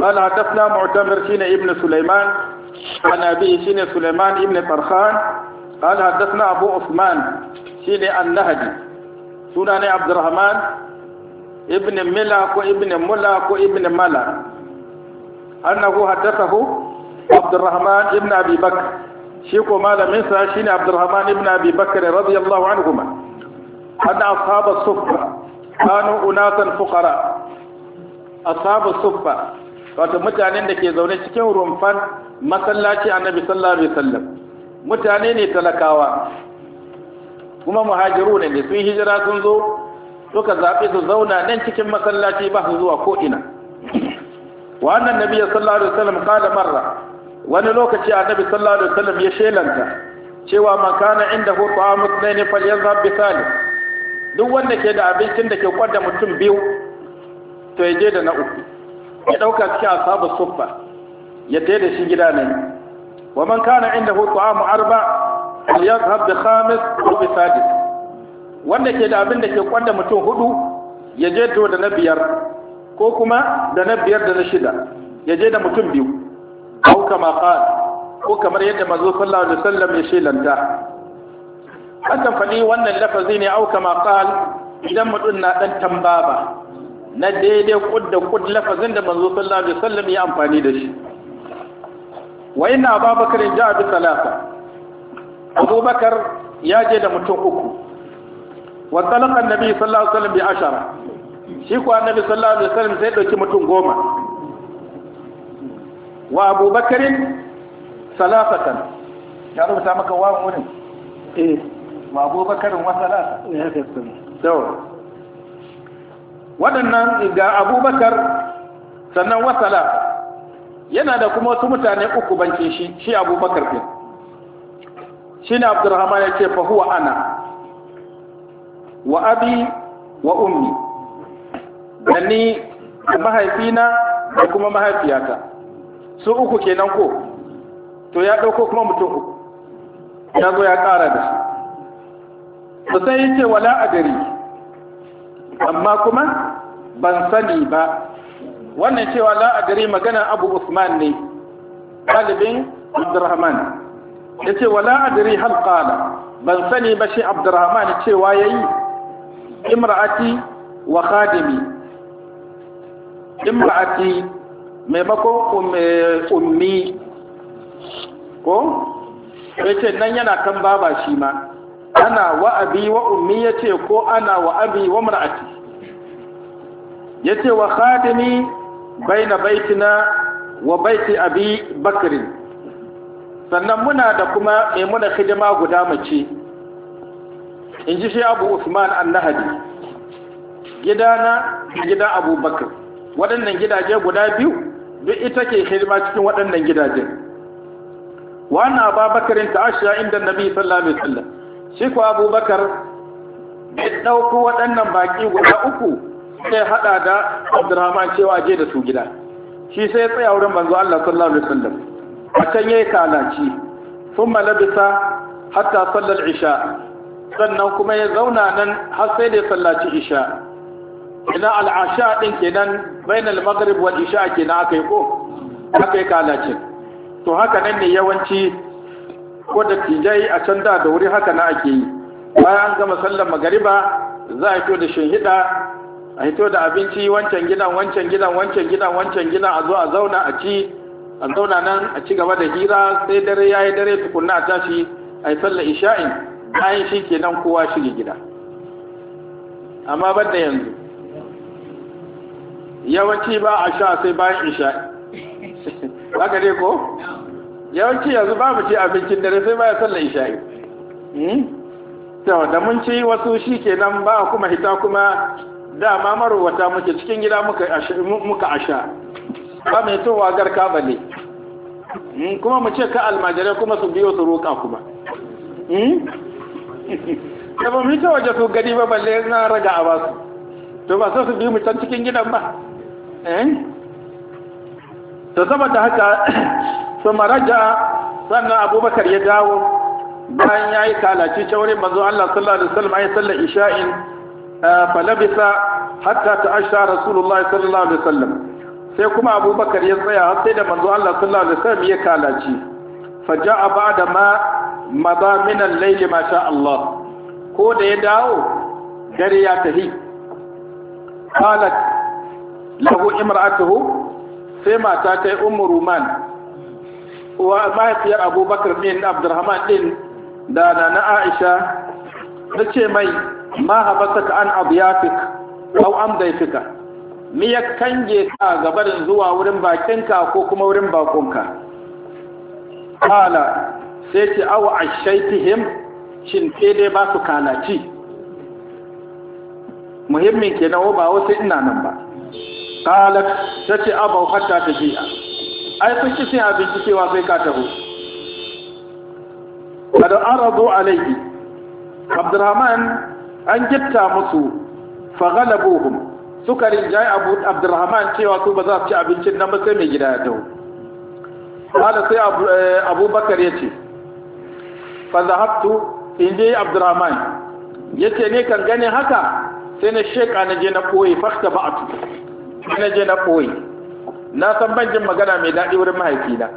قال حدثنا معتمر شين ابن سليمان عن أبي شين سليمان ابن طرخان قال حدثنا أبو عثمان شين النهدي suna ne abdurrahman ibn mila ko ibn mula ko ibn mala annahu haddathahu abdurrahman ibn abi bakr shi ko malamin sa shine abdurrahman ibn abi bakr radiyallahu anhuma anna ashab as-suffa kanu unatan fuqara ashab as-suffa wato mutanen da ke zaune cikin rumfan masallaci annabi sallallahu alaihi wasallam mutane ne talakawa kuma muhajiru ne da sun hijira sun zo suka zaɓi su zauna nan cikin masallaci ba su zuwa ko'ina wannan nabi sallallahu alaihi wasallam kada marra wani lokaci nabi sallallahu alaihi wasallam ya shelanta cewa man inda hu ta'amu fal falyazhab bi thalith duk wanda ke da abincin da ke kwada mutum biyu to ya je da na uku ya dauka cikin asabu suffa ya tayi da shi gida nan wa man kana inda hu ta'amu arba yadhhab bi khamis ko bi sadis wanda ke da abin da ke kwanda mutum hudu ya je to da na biyar ko kuma da na biyar da na shida ya je da mutum biyu ko kama qala ko kamar yadda manzo sallallahu alaihi wasallam ya shelanta hakan fadi wannan lafazi ne au kama qala idan mutum na dan tambaba na daidai kud da kud lafazin da manzo sallallahu alaihi wasallam ya amfani da shi wa inna abubakar ja'a bi salasa abubakar ya je da mutum uku wa talaka annabi sallallahu alaihi wasallam bi ashara shi kuwa nabi sallallahu alaihi wasallam sai dauki mutum goma wa abubakarin salafatan ya rubuta maka wa wani eh wa abubakarin wa salasa ya waɗannan ga abubakar sannan wasala yana da kuma wasu mutane uku banke shi shi abubakar ɗin shine abdurrahman yake fa huwa ana wa abi wa ummi da ni mahaifina da kuma mahaifiyata su uku kenan ko to ya dauko kuma mutum uku ya zo ya kara da shi to sai yace wala adari amma kuma ban sani ba wannan cewa la adari magana abu usman ne ɗalibin abdurrahman yace wala adri hal qala ban sani ba shi abdurrahman cewa yayi imra'ati wa khadimi imra'ati maimakon um, ummi ko yace nan yana kan baba shi ma ana wa abi wa ummi yace ko ana wa abi wa mar'ati yace wa khadimi baina baitina wa baiti abi bakrin sannan muna da kuma mai muna hidima guda mace in ji shi abu usman annahadi gidana gidan abubakar waɗannan gidaje guda biyu duk ita ke hidima cikin waɗannan gidajen wani ababakarin ta ashiya inda nabi sallallahu alaihi wasallam shi ko abubakar bai ɗauko waɗannan baƙi guda uku sai haɗa da abdurrahman cewa je da su gida shi sai tsaya wurin manzo allah sallallahu alaihi wasallam a can ya yi kalaci sun malabisa hatta sallar isha sannan kuma ya zauna nan har sai da ya sallaci isha ina al'asha ɗin kenan bainal maghrib wal isha kenan aka yi ko aka yi kalacin to haka nan ne yawanci ko da tijai a can da da wuri haka na ake yi bayan gama sallar magariba za a fito da shinhiɗa a fito da abinci wancan gidan wancan gidan wancan gidan wancan gidan a zo a zauna a ci a zauna nan a ci gaba da hira sai dare ya yi dare tukunna a tashi a yi sallar isha'in bayan shi ke nan kowa shige gida amma ban da yanzu yawanci ba a sha sai bayan isha'i ba [laughs] ka ko yawanci yanzu ba mu ci abincin dare sai bayan sallar isha'i hmm? da mun ci wasu shi ke nan, ba kuma hita kuma dama marowata muke cikin gida muka asha ba mai towa garka ba ne hmm, kuma mu ce ka almajirai kuma su biyo su roƙa kuma da hmm? [laughs] ba mu ta waje su gani ba balle na raga a ba su to ba su bi mu can cikin gidan ba hmm? to saboda haka [coughs] su maraja sannan abubakar ya dawo bayan ya yi kalaci ta wurin mazu Allah sallallahu alaihi wasallam ayi sallar isha'in ah, falabisa hatta ta'ashsha rasulullahi sallallahu alaihi wasallam sai kuma abubakar ya tsaya har sai da manzo Allah sallallahu alaihi wasallam ya kalaci faja'a ba'da ma maza min al-layl ma sha Allah ko da ya dawo dare ya tahi qalat lahu imra'atuhu sai mata ta yi ummu ruman wa mahaifiyar abubakar min abdurrahman din da na aisha ta ce mai ma habasaka an abiyatik aw amdaifika mi ya kange ka gabar zuwa wurin bakinka ko kuma wurin bakonka kala sai ce awa ashaitihim shin ke dai ba su kalaci muhimmin ke nawo ba wasu ina nan ba kala ta ce abu hatta ta jiya ai sun ki sai abinci cewa sai ka taho kada arado alaihi abdurrahman an gitta musu fa ghalabuhum suka rinjaye abu abdurrahman cewa su ba za su ci abincin nan ba sai mai gida ya dawo hada sai eh, abubakar ya ce fa zahabtu in je abdurrahman ya ce ne kan gane haka sai na sheka na je na koyi fakta ba a tuku na je na koyi na san ban jin magana mai daɗi wurin mahaifina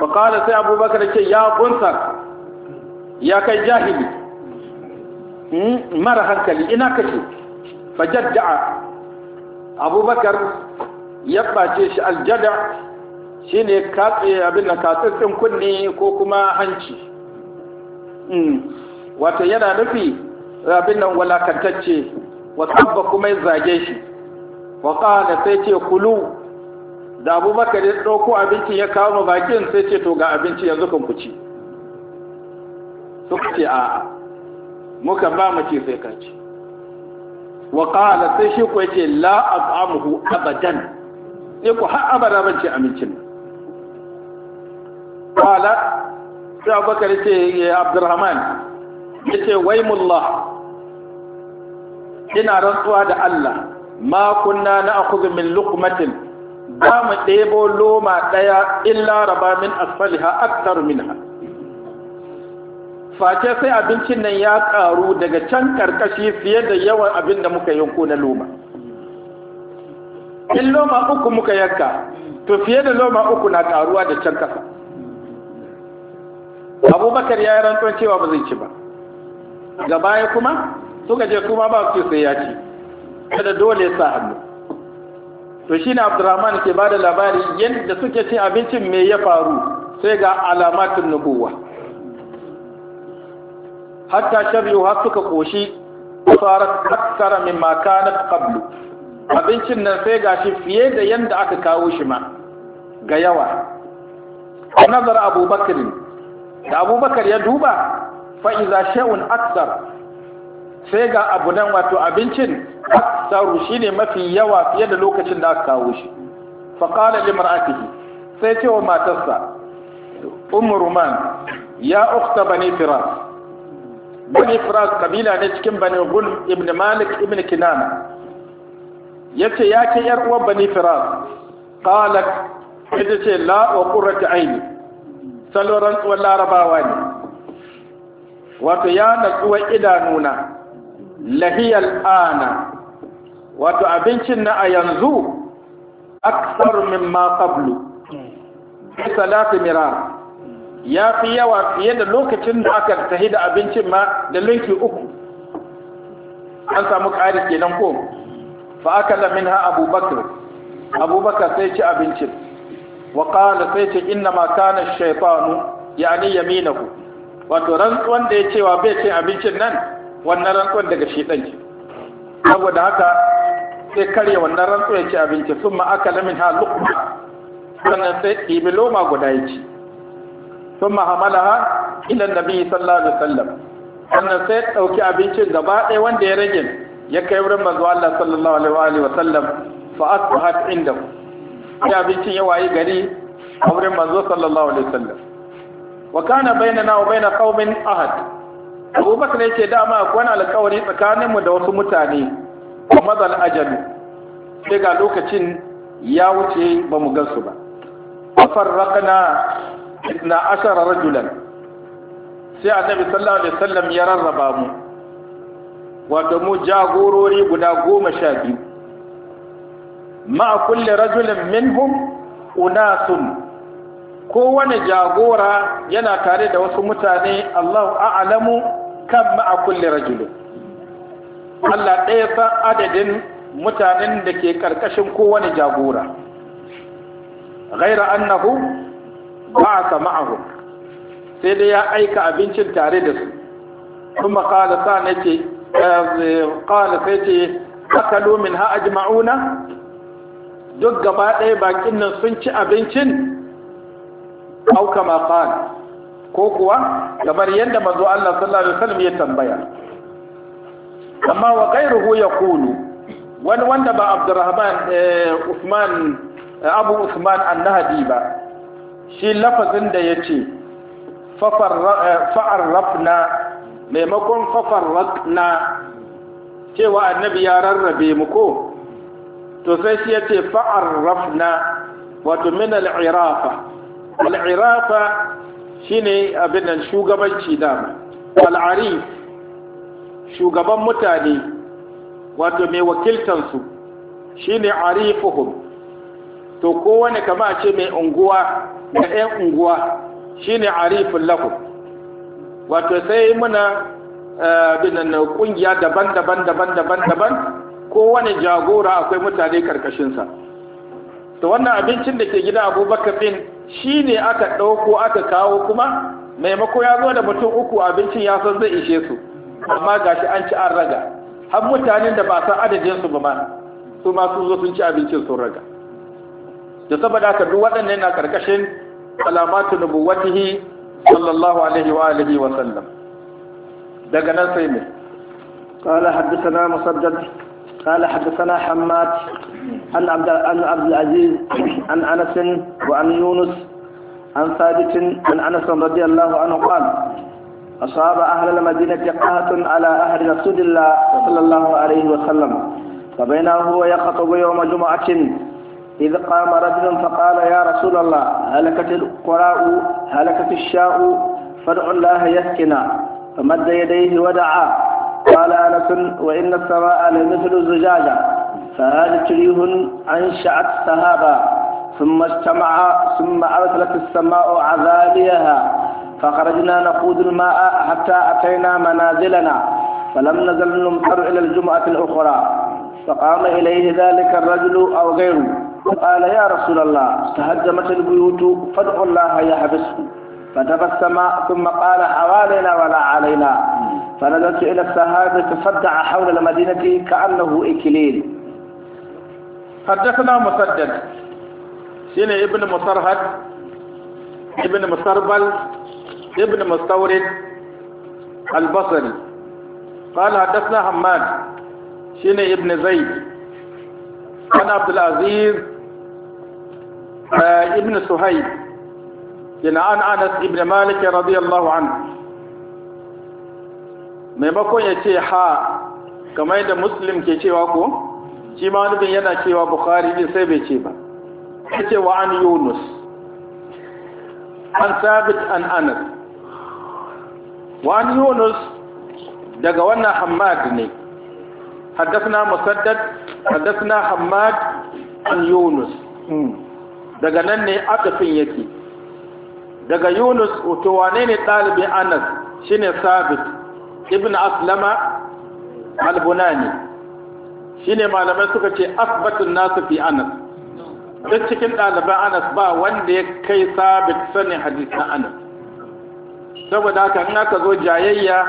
Ba kada sai abubakar ya ce ya kunsa ya kai jahili hmm, mara hankali ina kake fajadda'a abubakar ya ɓace shi aljada shi ne katse abin da kunne ko kuma hanci wato yana nufi abin nan walakantacce wasabba kuma ya zage shi waƙala sai ce kulu da abubakar ya ɗauko abinci ya kawo ma bakin sai ce to ga abinci yanzu kan kuci suka ce a muka ba mu ce sai ka ci wa qala sai shi ko yace la at'amuhu abadan ne ko har abada ban ce amincin qala sai Abubakar yace ya Abdurrahman yace waymullah ina rantsuwa da Allah ma kunna na'khudhu min luqmatin ba mu ɗebo loma ɗaya illa raba min asfaliha aktar minha face sai abincin nan ya ƙaru daga can karkashi fiye da yawan abin da muka yanko na loma in loma uku muka yanka to fiye da loma uku na ƙaruwa da can kasa abubakar ya yi rantsuwan cewa ba zai ci ba ga baya kuma suka je kuma ba su sai ya ci kada dole ya sa hannu to shi ne abdurrahman ke ba da labari yadda suke cin abincin me ya faru sai ga alamatun nubuwa hatta shabiyu har suka koshi fara aksara maka na qablu abincin nan sai gashi fiye da yanda aka kawo shi ma ga yawa nazar abubakar da abubakar ya duba fa iza shay'un aksar sai ga abu nan wato abincin aksaru shine mafi yawa fiye da lokacin da aka kawo shi fa qala limra'atihi sai ce matarsa ummu ruman ya ukhta bani firas bani firas kabila ne cikin bani ibn malik ibn Kinan. ya ce ya ce yar uwar bani firas qalat ita ce la wa aini salon rantsuwar larabawa ne wato ya natsuwar idanuna lahiyal ana wato abincin na a yanzu aksar min ma kablu. bi salati mirar ya fi yawa fiye da lokacin da aka tahi da abincin ma da linki uku an samu ƙari kenan ko fa lamin ha abubakar abubakar sai ci abincin wa ƙala sai ce inna ma kana shaytanu yani ku wato rantsuwan da ya cewa bai ce abincin nan wannan rantsuwan daga shedan ki. saboda haka sai karya wannan rantsuwan ya ci abinci sun aka lamin ha lukma sannan sai ɗibi loma guda ya ci ثم حملها إلى النبي صلى الله عليه وسلم أن سيد أو كأبيش زباء وان دي رجل يكيور مزوى الله صلى الله عليه وآله وسلم فأصبحت عنده كأبيش يوائي غري أمر مزوى صلى الله عليه وسلم وكان بيننا وبين قوم أحد Abu Bakar yake dama akwai alkawari tsakaninmu da wasu mutane a mazal ajalu sai ga lokacin ya wuce ba mu gansu ba. Farraƙana na ashara rajulan sai annabi sallallahu alaihi wasallam ya rarraba mu wato mu jagorori guda goma sha biyu ma'a kulli rajulin minhum unasun kowane jagora yana tare da wasu mutane Allahu a'lamu kan ma'a kulli rajulin Allah ɗaya san adadin mutanen da ke ƙarƙashin kowane jagora ghaira annahu ba a sama ma'ahum sai dai ya aika abincin tare da su kuma kala sa na ce kala eh, sai ce aka lomin ha duk gaba ɗaya bakin nan sun ci abincin auka ma ko kuwa kamar yadda mazu Allah sallallahu alaihi wasallam ya tambaya amma wa ghayruhu yaqulu wani wanda ba Abdurrahman eh, Usman Abu Usman an ba shi lafazin da ya ce eh, fa'arrafna maimakon fafarrakna cewa annabi ya rarrabe mu ko to sai shi ya ce fa'arrafna wato min al'irafa al'irafa shi ne abin shugabanci dama al'arif shugaban mutane wato mai wakiltansu shi ne arifuhum to kowane kama ce mai unguwa da yan unguwa shine arifin lahu wato sai muna eh, binan kungiya daban-daban daban-daban daban kowane jagora akwai mutane karkashinsa ta wannan abincin da ke gida abubakar ɗin shi ne aka ɗauko aka kawo kuma maimako ya zo da mutum uku abincin ya san zai ishe su amma ga shi an ci an raga har mutanen da ba san adadinsu ba ma su ma zo sun ci abincin sun raga da saboda haka duk waɗannan na karkashin علامات نبوته صلى الله عليه وآله وسلم دقنا سيمي قال حدثنا مسدد قال حدثنا حماد عن عبد عن عبد العزيز عن انس وعن يونس عن ثابت عن انس رضي الله عنه قال اصاب اهل المدينه قهه على اهل رسول الله صلى الله عليه وسلم فبينه هو يخطب يوم جمعه إذ قام رجل فقال يا رسول الله هلكت القراء هلكت الشاء فادعوا الله يسكنا فمد يديه ودعا قال أنس وإن السماء لمثل زجاجة فهذه ريح أنشأت سهابا ثم اجتمع ثم أرسلت السماء عذابها فخرجنا نقود الماء حتى أتينا منازلنا فلم نزل نمطر إلى الجمعة الأخرى فقام إليه ذلك الرجل أو غيره قال يا رسول الله تهجمت البيوت فادعوا الله يحبسكم فتبسم ثم قال حوالينا ولا علينا فنزلت إلى السهاد فصدع حول المدينة كأنه إكليل حدثنا مسدد سين ابن مصرهد ابن مصربل ابن مستورد البصري قال حدثنا حماد سين ابن زيد عن عبد العزيز ابن سهيل عن an ابن مالك رضي الله عنه maimakon ya ce ha kamar yadda muslim ke cewa ko shi ma wani yana cewa bukhari din sai bai ce ba ya ce wa an yunus an sabit an anas wa an yunus daga wannan hamad ne na حدثنا مسدد na حماد an Yunus. daga nan ne fin yake daga yunus wato wane ne ɗalibin anas shine sabit ibn aslama albunani shine malamai suka ce Asibitin nasu fi anas duk cikin ɗaliban anas ba wanda ya kai sabit sanin hadisan anas saboda haka in aka zo jayayya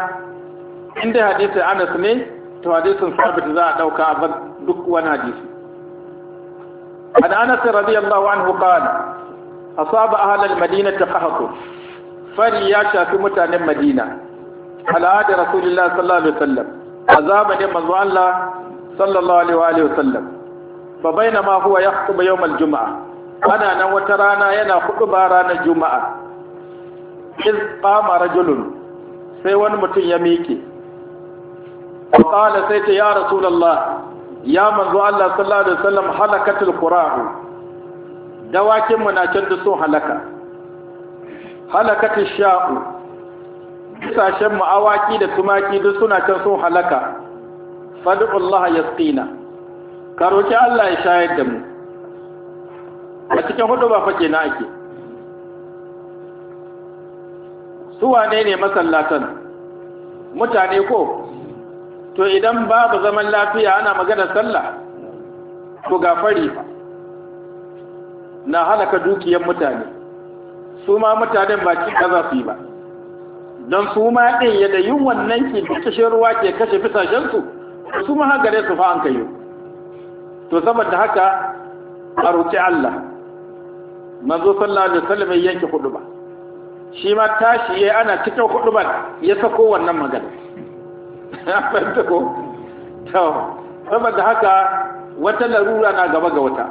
inda hadisin anas ne to hadisin sabit za a ɗauka a duk wani hadisi عن أنس رضي الله عنه قال أصاب أهل ta قهط fari ya shafi mutanen Madina al'ada Rasulullah sallallahu alaihi wasallam a zamanin manzo Allah sallallahu alaihi wasallam fa bainama huwa yakhutubu yawm al-jum'a ana wata rana yana hutuba ranar juma'a iz qama rajulun sai wani mutum ya miƙe qala sai ta ya Rasulullah ya manzo Allah sallallahu alaihi wasallam halakatul qura'u dawakin munacin na can da sun halaka halakatul sha'u bisashen mu awaki da tumaki duk suna can sun halaka fad'u Allah yasqina ka Allah ya shayar da mu a cikin hudu ba fake na ake su wane ne masallatan mutane ko to idan babu zaman lafiya ana magana sallah to ga fari na halaka dukiyar mutane su ma mutanen ba ci yi ba don su ma ɗin yadda yin wannan ke fitashin ruwa ke kashe fisashensu su ma ne su fa an kayo to saboda haka a roƙi Allah manzo sallallahu alaihi wasallam yake yanke hudu ba shi ma tashi yayi ana cikin hudu ya sako wannan magana ya [laughs] ko saboda haka wata larura na gaba ga wata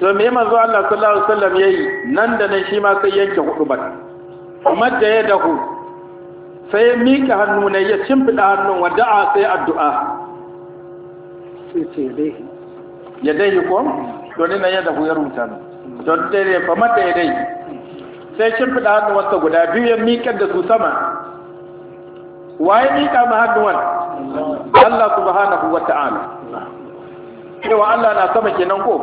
to me manzo Allah sallallahu alaihi wasallam yayi nan da nan shi ma sai yanke hudubar madda ya dahu sai ya mika hannu ne ya cimfida hannun wada'a sai addu'a sai ce dai ya dai ko don nan ya dahu ya rubuta don dai fa madda ya dai sai cimfida hannu wasa guda biyu ya mika da su sama waye ni ma hannu wani? Allah subhanahu wa ta'ala cewa Allah na sama kenan ko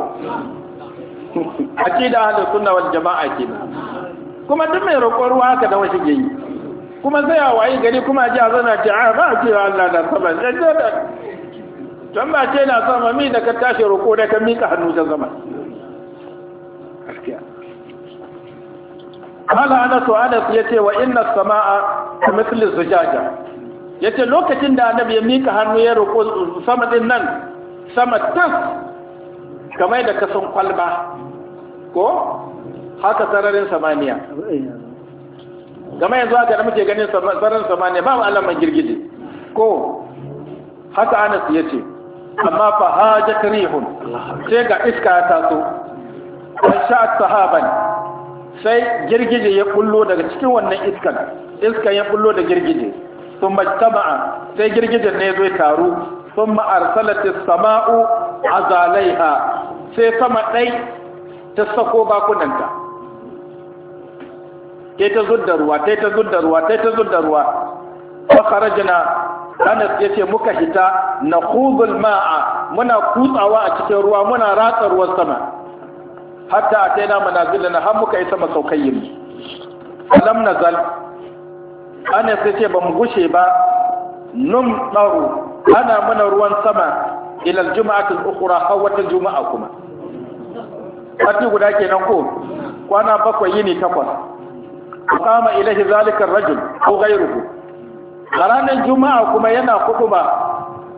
A [laughs] da ahlus sunna wal jama'a kenan kuma duk mai roƙon ruwa haka da wasu yi. kuma sai a wayi gari kuma ji a zana ce ah, a ba cewa Allah na sama sai eh, da don ba ce na sama mi da ka tashi roƙo da ka mika hannu ta zama gaskiya kala anas wa anas ce wa inna samaa kamithli zujaja ce lokacin da annabi ya mika hannu ya roƙo sama din nan sama tas kamar da kasan kwalba ko haka sararin samaniya Gama yanzu haka da muke ganin sararin samaniya ba alaman girgije ko haka anas ya ce amma fa hajjat rihun sai ga iska ya taso an sha'at sahaban sai girgije ya kullo daga cikin wannan iskan iskan ya kullo da girgije sun taba'a sai girgijen ne zai taru sun ma'arsalata sama'u a azalaiha sai sama ɗai ta sako bakunanta ta ta zudda ruwa ta yi ta zudda ruwa ta yi ta zudda ruwa jina ranar ya ce muka hita na khudul ma'a muna kutsawa a cikin ruwa muna ratsa ruwan sama hatta a ataina na har muka isa masaukayin alam nazal ana sai ce ba mu gushe ba num daru ana mana ruwan sama ila aljum'ati al-ukhra aw wata juma'a kuma Fati guda kenan ko kwana bakwai yini takwas kama ilahi zalika ar-rajul ko ghayruhu ranar juma'a kuma yana ba.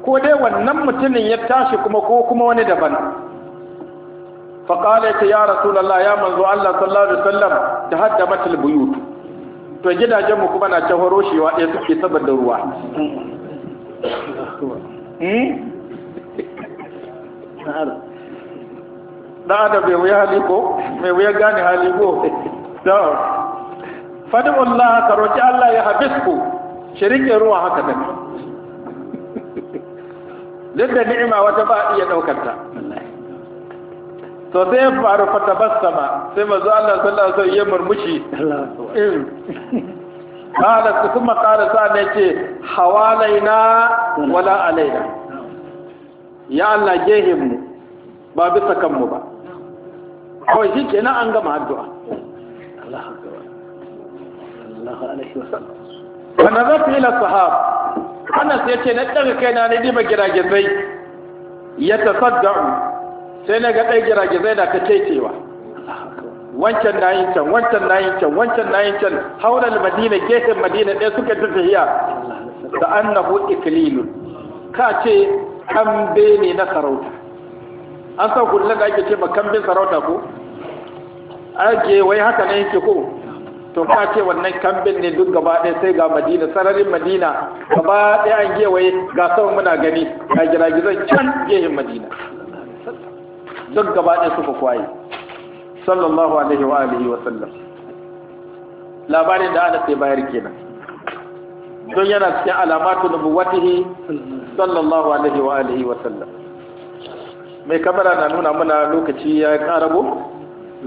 ko dai wannan mutumin ya tashi kuma ko kuma wani daban faƙala ya rasulallah ya manzo Allah sallallahu alaihi wasallam ta hadda matal buyut to gidajen mu kuma na ta horoshewa ɗaya suke saboda ruwa da adam bai wuya hali ko mai wuya gane hali ko da fadin Allah ka roki Allah ya habis ku. shirike ruwa haka da duk da ni'ima wata ba iya daukar to sai ya faru fata bastama sai mazu Allah sallallahu alaihi wasallam ya murmushi kala su kuma kala sa ne ce hawalaina wala alaina ya Allah gehin mu ba bisa kanmu ba ko shi kenan an gama addu'a Allahu akbar Allahu alaihi wasallam wa zafi ila sahab Anas ce na daga kaina ne diba giragizai ya tasadda'u sai na ga ɗai zai na ta taitewa wancan na yin can wancan na yin can wancan na yin can haunar madina gefen madina ɗaya suka ta tafiya da annahu ikilinu. ka ce kambe ne na sarauta an sa kullum da ake ce ba kambin sarauta ko ake wai haka ne yake ko to ka ce wannan kambin ne duk gaba ɗaya sai ga madina sararin madina gaba ɗaya an gewaye ga sama muna gani ga giragizan can gehen madina duk gaba ɗaya suka kwaye sallallahu alaihi wa alihi wa sallam labarin da ana sai bayar kenan don yana cikin alamatu nubuwatihi sallallahu alaihi wa alihi wa sallam mai kamara na nuna mana lokaci ya yi karabo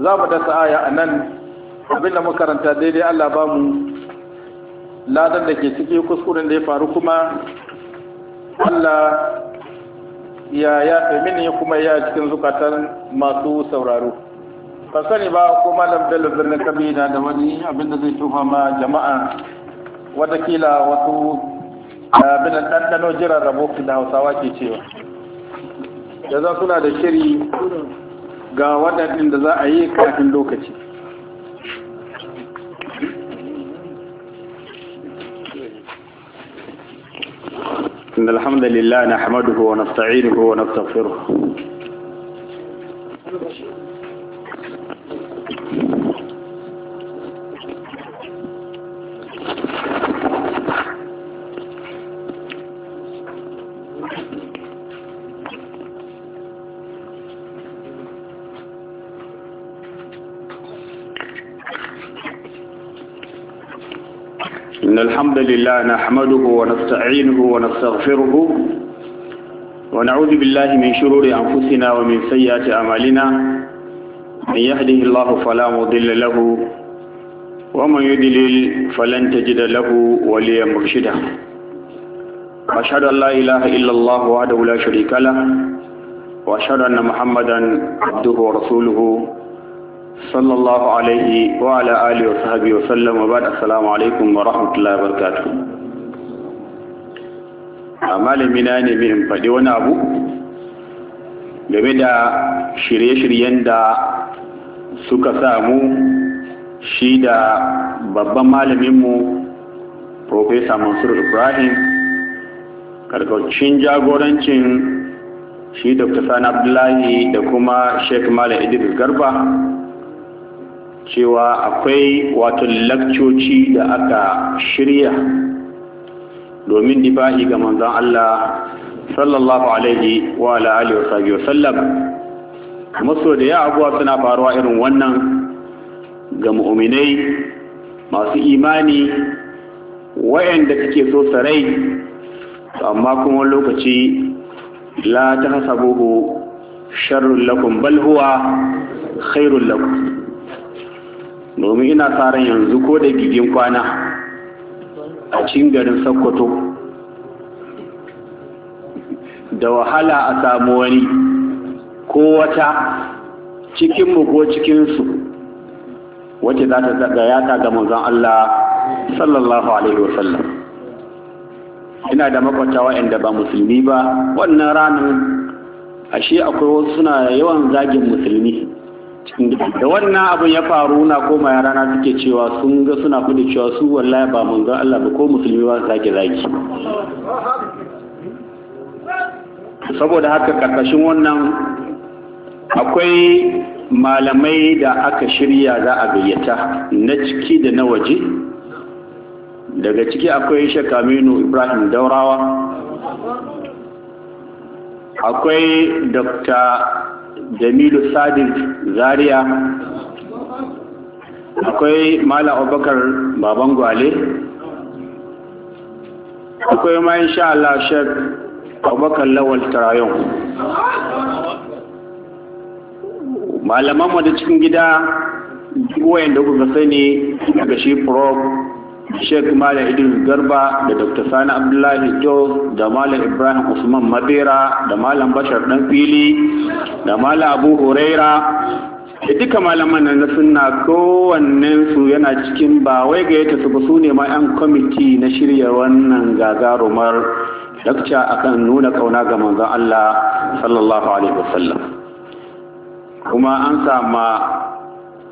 za mu dasa aya a nan abinda makaranta daidai Allah ba mu ladan da ke ciki kuskuren da ya faru kuma Allah ya ya mini kuma ya cikin zukatan masu sauraro ka sani ba ko malam bello birnin da wani abin da zai tufa ma jama'a watakila wasu eh, abin ɗanɗano jiran rabo da hausawa ke cewa da suna da shiri ga waɗannan da za a yi kafin lokaci إن الحمد لله نحمده ونستعينه ونستغفره الحمد لله نحمده ونستعينه ونستغفره ونعوذ بالله من شرور أنفسنا ومن سيئات أعمالنا من يهده الله فلا مضل له ومن يدلل فلن تجد له وليا مرشدا أشهد أن لا إله إلا الله وحده لا شريك له وأشهد أن محمدا عبده ورسوله sallallahu alaihi wa ala alihi wa sahbihi wa sallam wa ba'd assalamu alaikum wa rahmatullahi wa a malami na ne min faɗi wani abu game da shirye-shiryen da suka samu shi da babban malaminmu Profesa Mansur Ibrahim karkacin jagorancin shi Dr. Sani Abdullahi da kuma Sheikh Malam Idris Garba cewa akwai wato lakcoci da aka shirya domin difa'i ga manzon Allah sallallahu alaihi wa alihi wa sahbihi maso da ya abuwa suna faruwa irin wannan ga mu'uminai masu imani wayanda suke so sarai amma kuma lokaci la tahsabuhu sharrul lakum bal huwa khairul lakum domin ina tsarin yanzu ko da gigin kwana a cikin garin sokoto da wahala a samu wani ko wata cikinmu ko cikinsu wacce za ta zaga ta ga manzon Allah sallallahu alaihi wasallam ina da makwata waɗanda ba musulmi ba wannan ranar ashe akwai wasu suna yawan zagin musulmi da wannan abin ya faru na koma ya rana suke cewa sun ga suna kudu cewa su wallahi ba mun Allah ba ko musulmi ba zaki zaki saboda haka karkashin wannan akwai malamai da aka shirya za a gayyata na ciki da na waje daga ciki akwai shakaminu ibrahim daurawa akwai dr jamilu sadin zaria akwai mala abubakar baban gwale akwai ma insha Allah shek abubakar lawal tarayon malaman da cikin gida wayan da kuka sani daga shi prof sheikh malam idris garba da dr sani abdullahi jos da malam ibrahim usman mabera da malam bashar dan fili da malam abu huraira da duka malaman nan na sunna kowanne su yana cikin ba wai ga yata su ba su ne ma yan kwamiti na shirya wannan gagarumar lakca akan nuna kauna ga manzon Allah sallallahu alaihi wasallam kuma an sama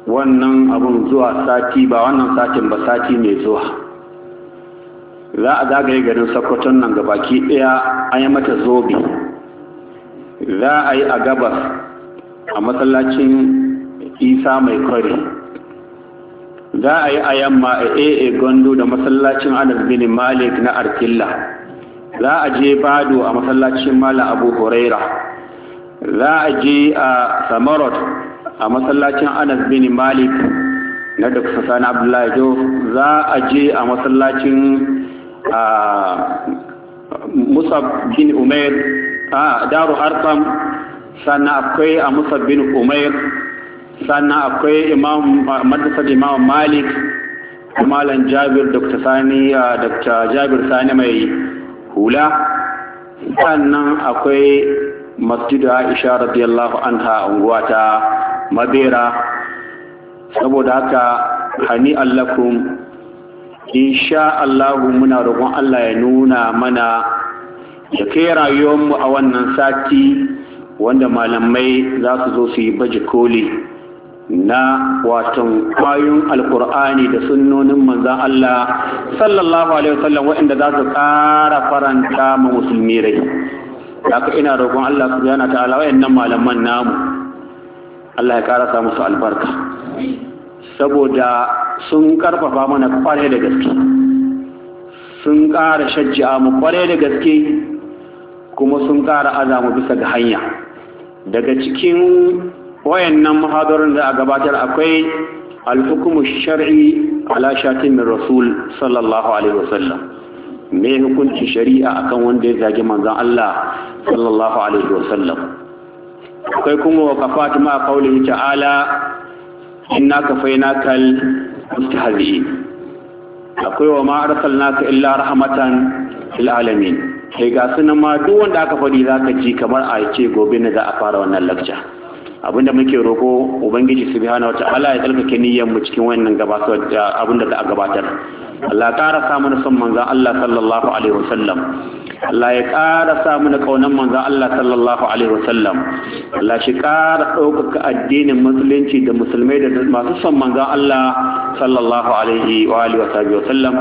wannan abun zuwa sati ba wannan satin ba sati mai zuwa za a zagaye garin sakwaton nan ga baki ɗaya an yi mata zobe za a yi a gabas a matsalacin isa mai kwari za a yi a yamma a aa gondo da masallacin anas bin malik na arkilla za a je bado a masallacin mala abu huraira za a je a samarot a masallacin anas bin malik na da sani abdullahi jo za a je a masallacin musab bin umair a daru arqam sannan akwai a musab bin umair sannan akwai imam madrasar imam malik malam jabir dr sani dr jabir sani mai hula sannan akwai masjidu aisha radiyallahu anha unguwa ta mabera saboda haka hani allakum insha Allahu muna roƙon Allah ya nuna mana ya kai mu a wannan sati wanda malamai za su zo su yi baje koli na watan kwayoyin alkur'ani da sunnonin manzan Allah sallallahu alaihi wasallam waɗanda za su ƙara faranta ma musulmi rai haka ina roƙon Allah subhanahu wa ta'ala wayannan malaman namu Allah ya karasa musu albarka saboda sun karfafa mana kware da gaske sun ƙara shajja mu kware da gaske kuma sun ƙara azamu bisa ga hanya daga cikin wayannan mahadorin da a gabatar akwai alhukumu shar'i ala shatin min rasul sallallahu alaihi wasallam me hukunci shari'a akan wanda ya zagi manzon Allah sallallahu alaihi wasallam akwai kuma wa kafatu ma kaulin ta'ala inna kafaina kal mustahazi akwai wa ma naka illa rahmatan lil alamin sai ga sunan ma duk wanda aka faɗi zaka ji kamar a ce gobe ne za a fara wannan lakca abinda muke roko ubangiji subhanahu ala ya tsarkake niyyar mu cikin wannan gabatar abinda za a gabatar Allah ya ƙara sa mana son manzon Allah sallallahu alaihi wasallam Allah ya ƙara sa mana kaunan manzon Allah sallallahu alaihi wasallam Allah shi ƙara ɗaukaka addinin musulunci da musulmai da masu son manzon Allah sallallahu alaihi wa alihi wasallam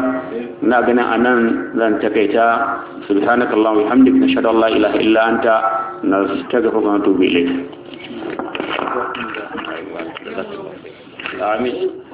na ganin anan zan takaita subhanakallahumma wa bihamdika nashhadu an la ilaha illa anta nastaghfiruka wa natubu ilayk Amin.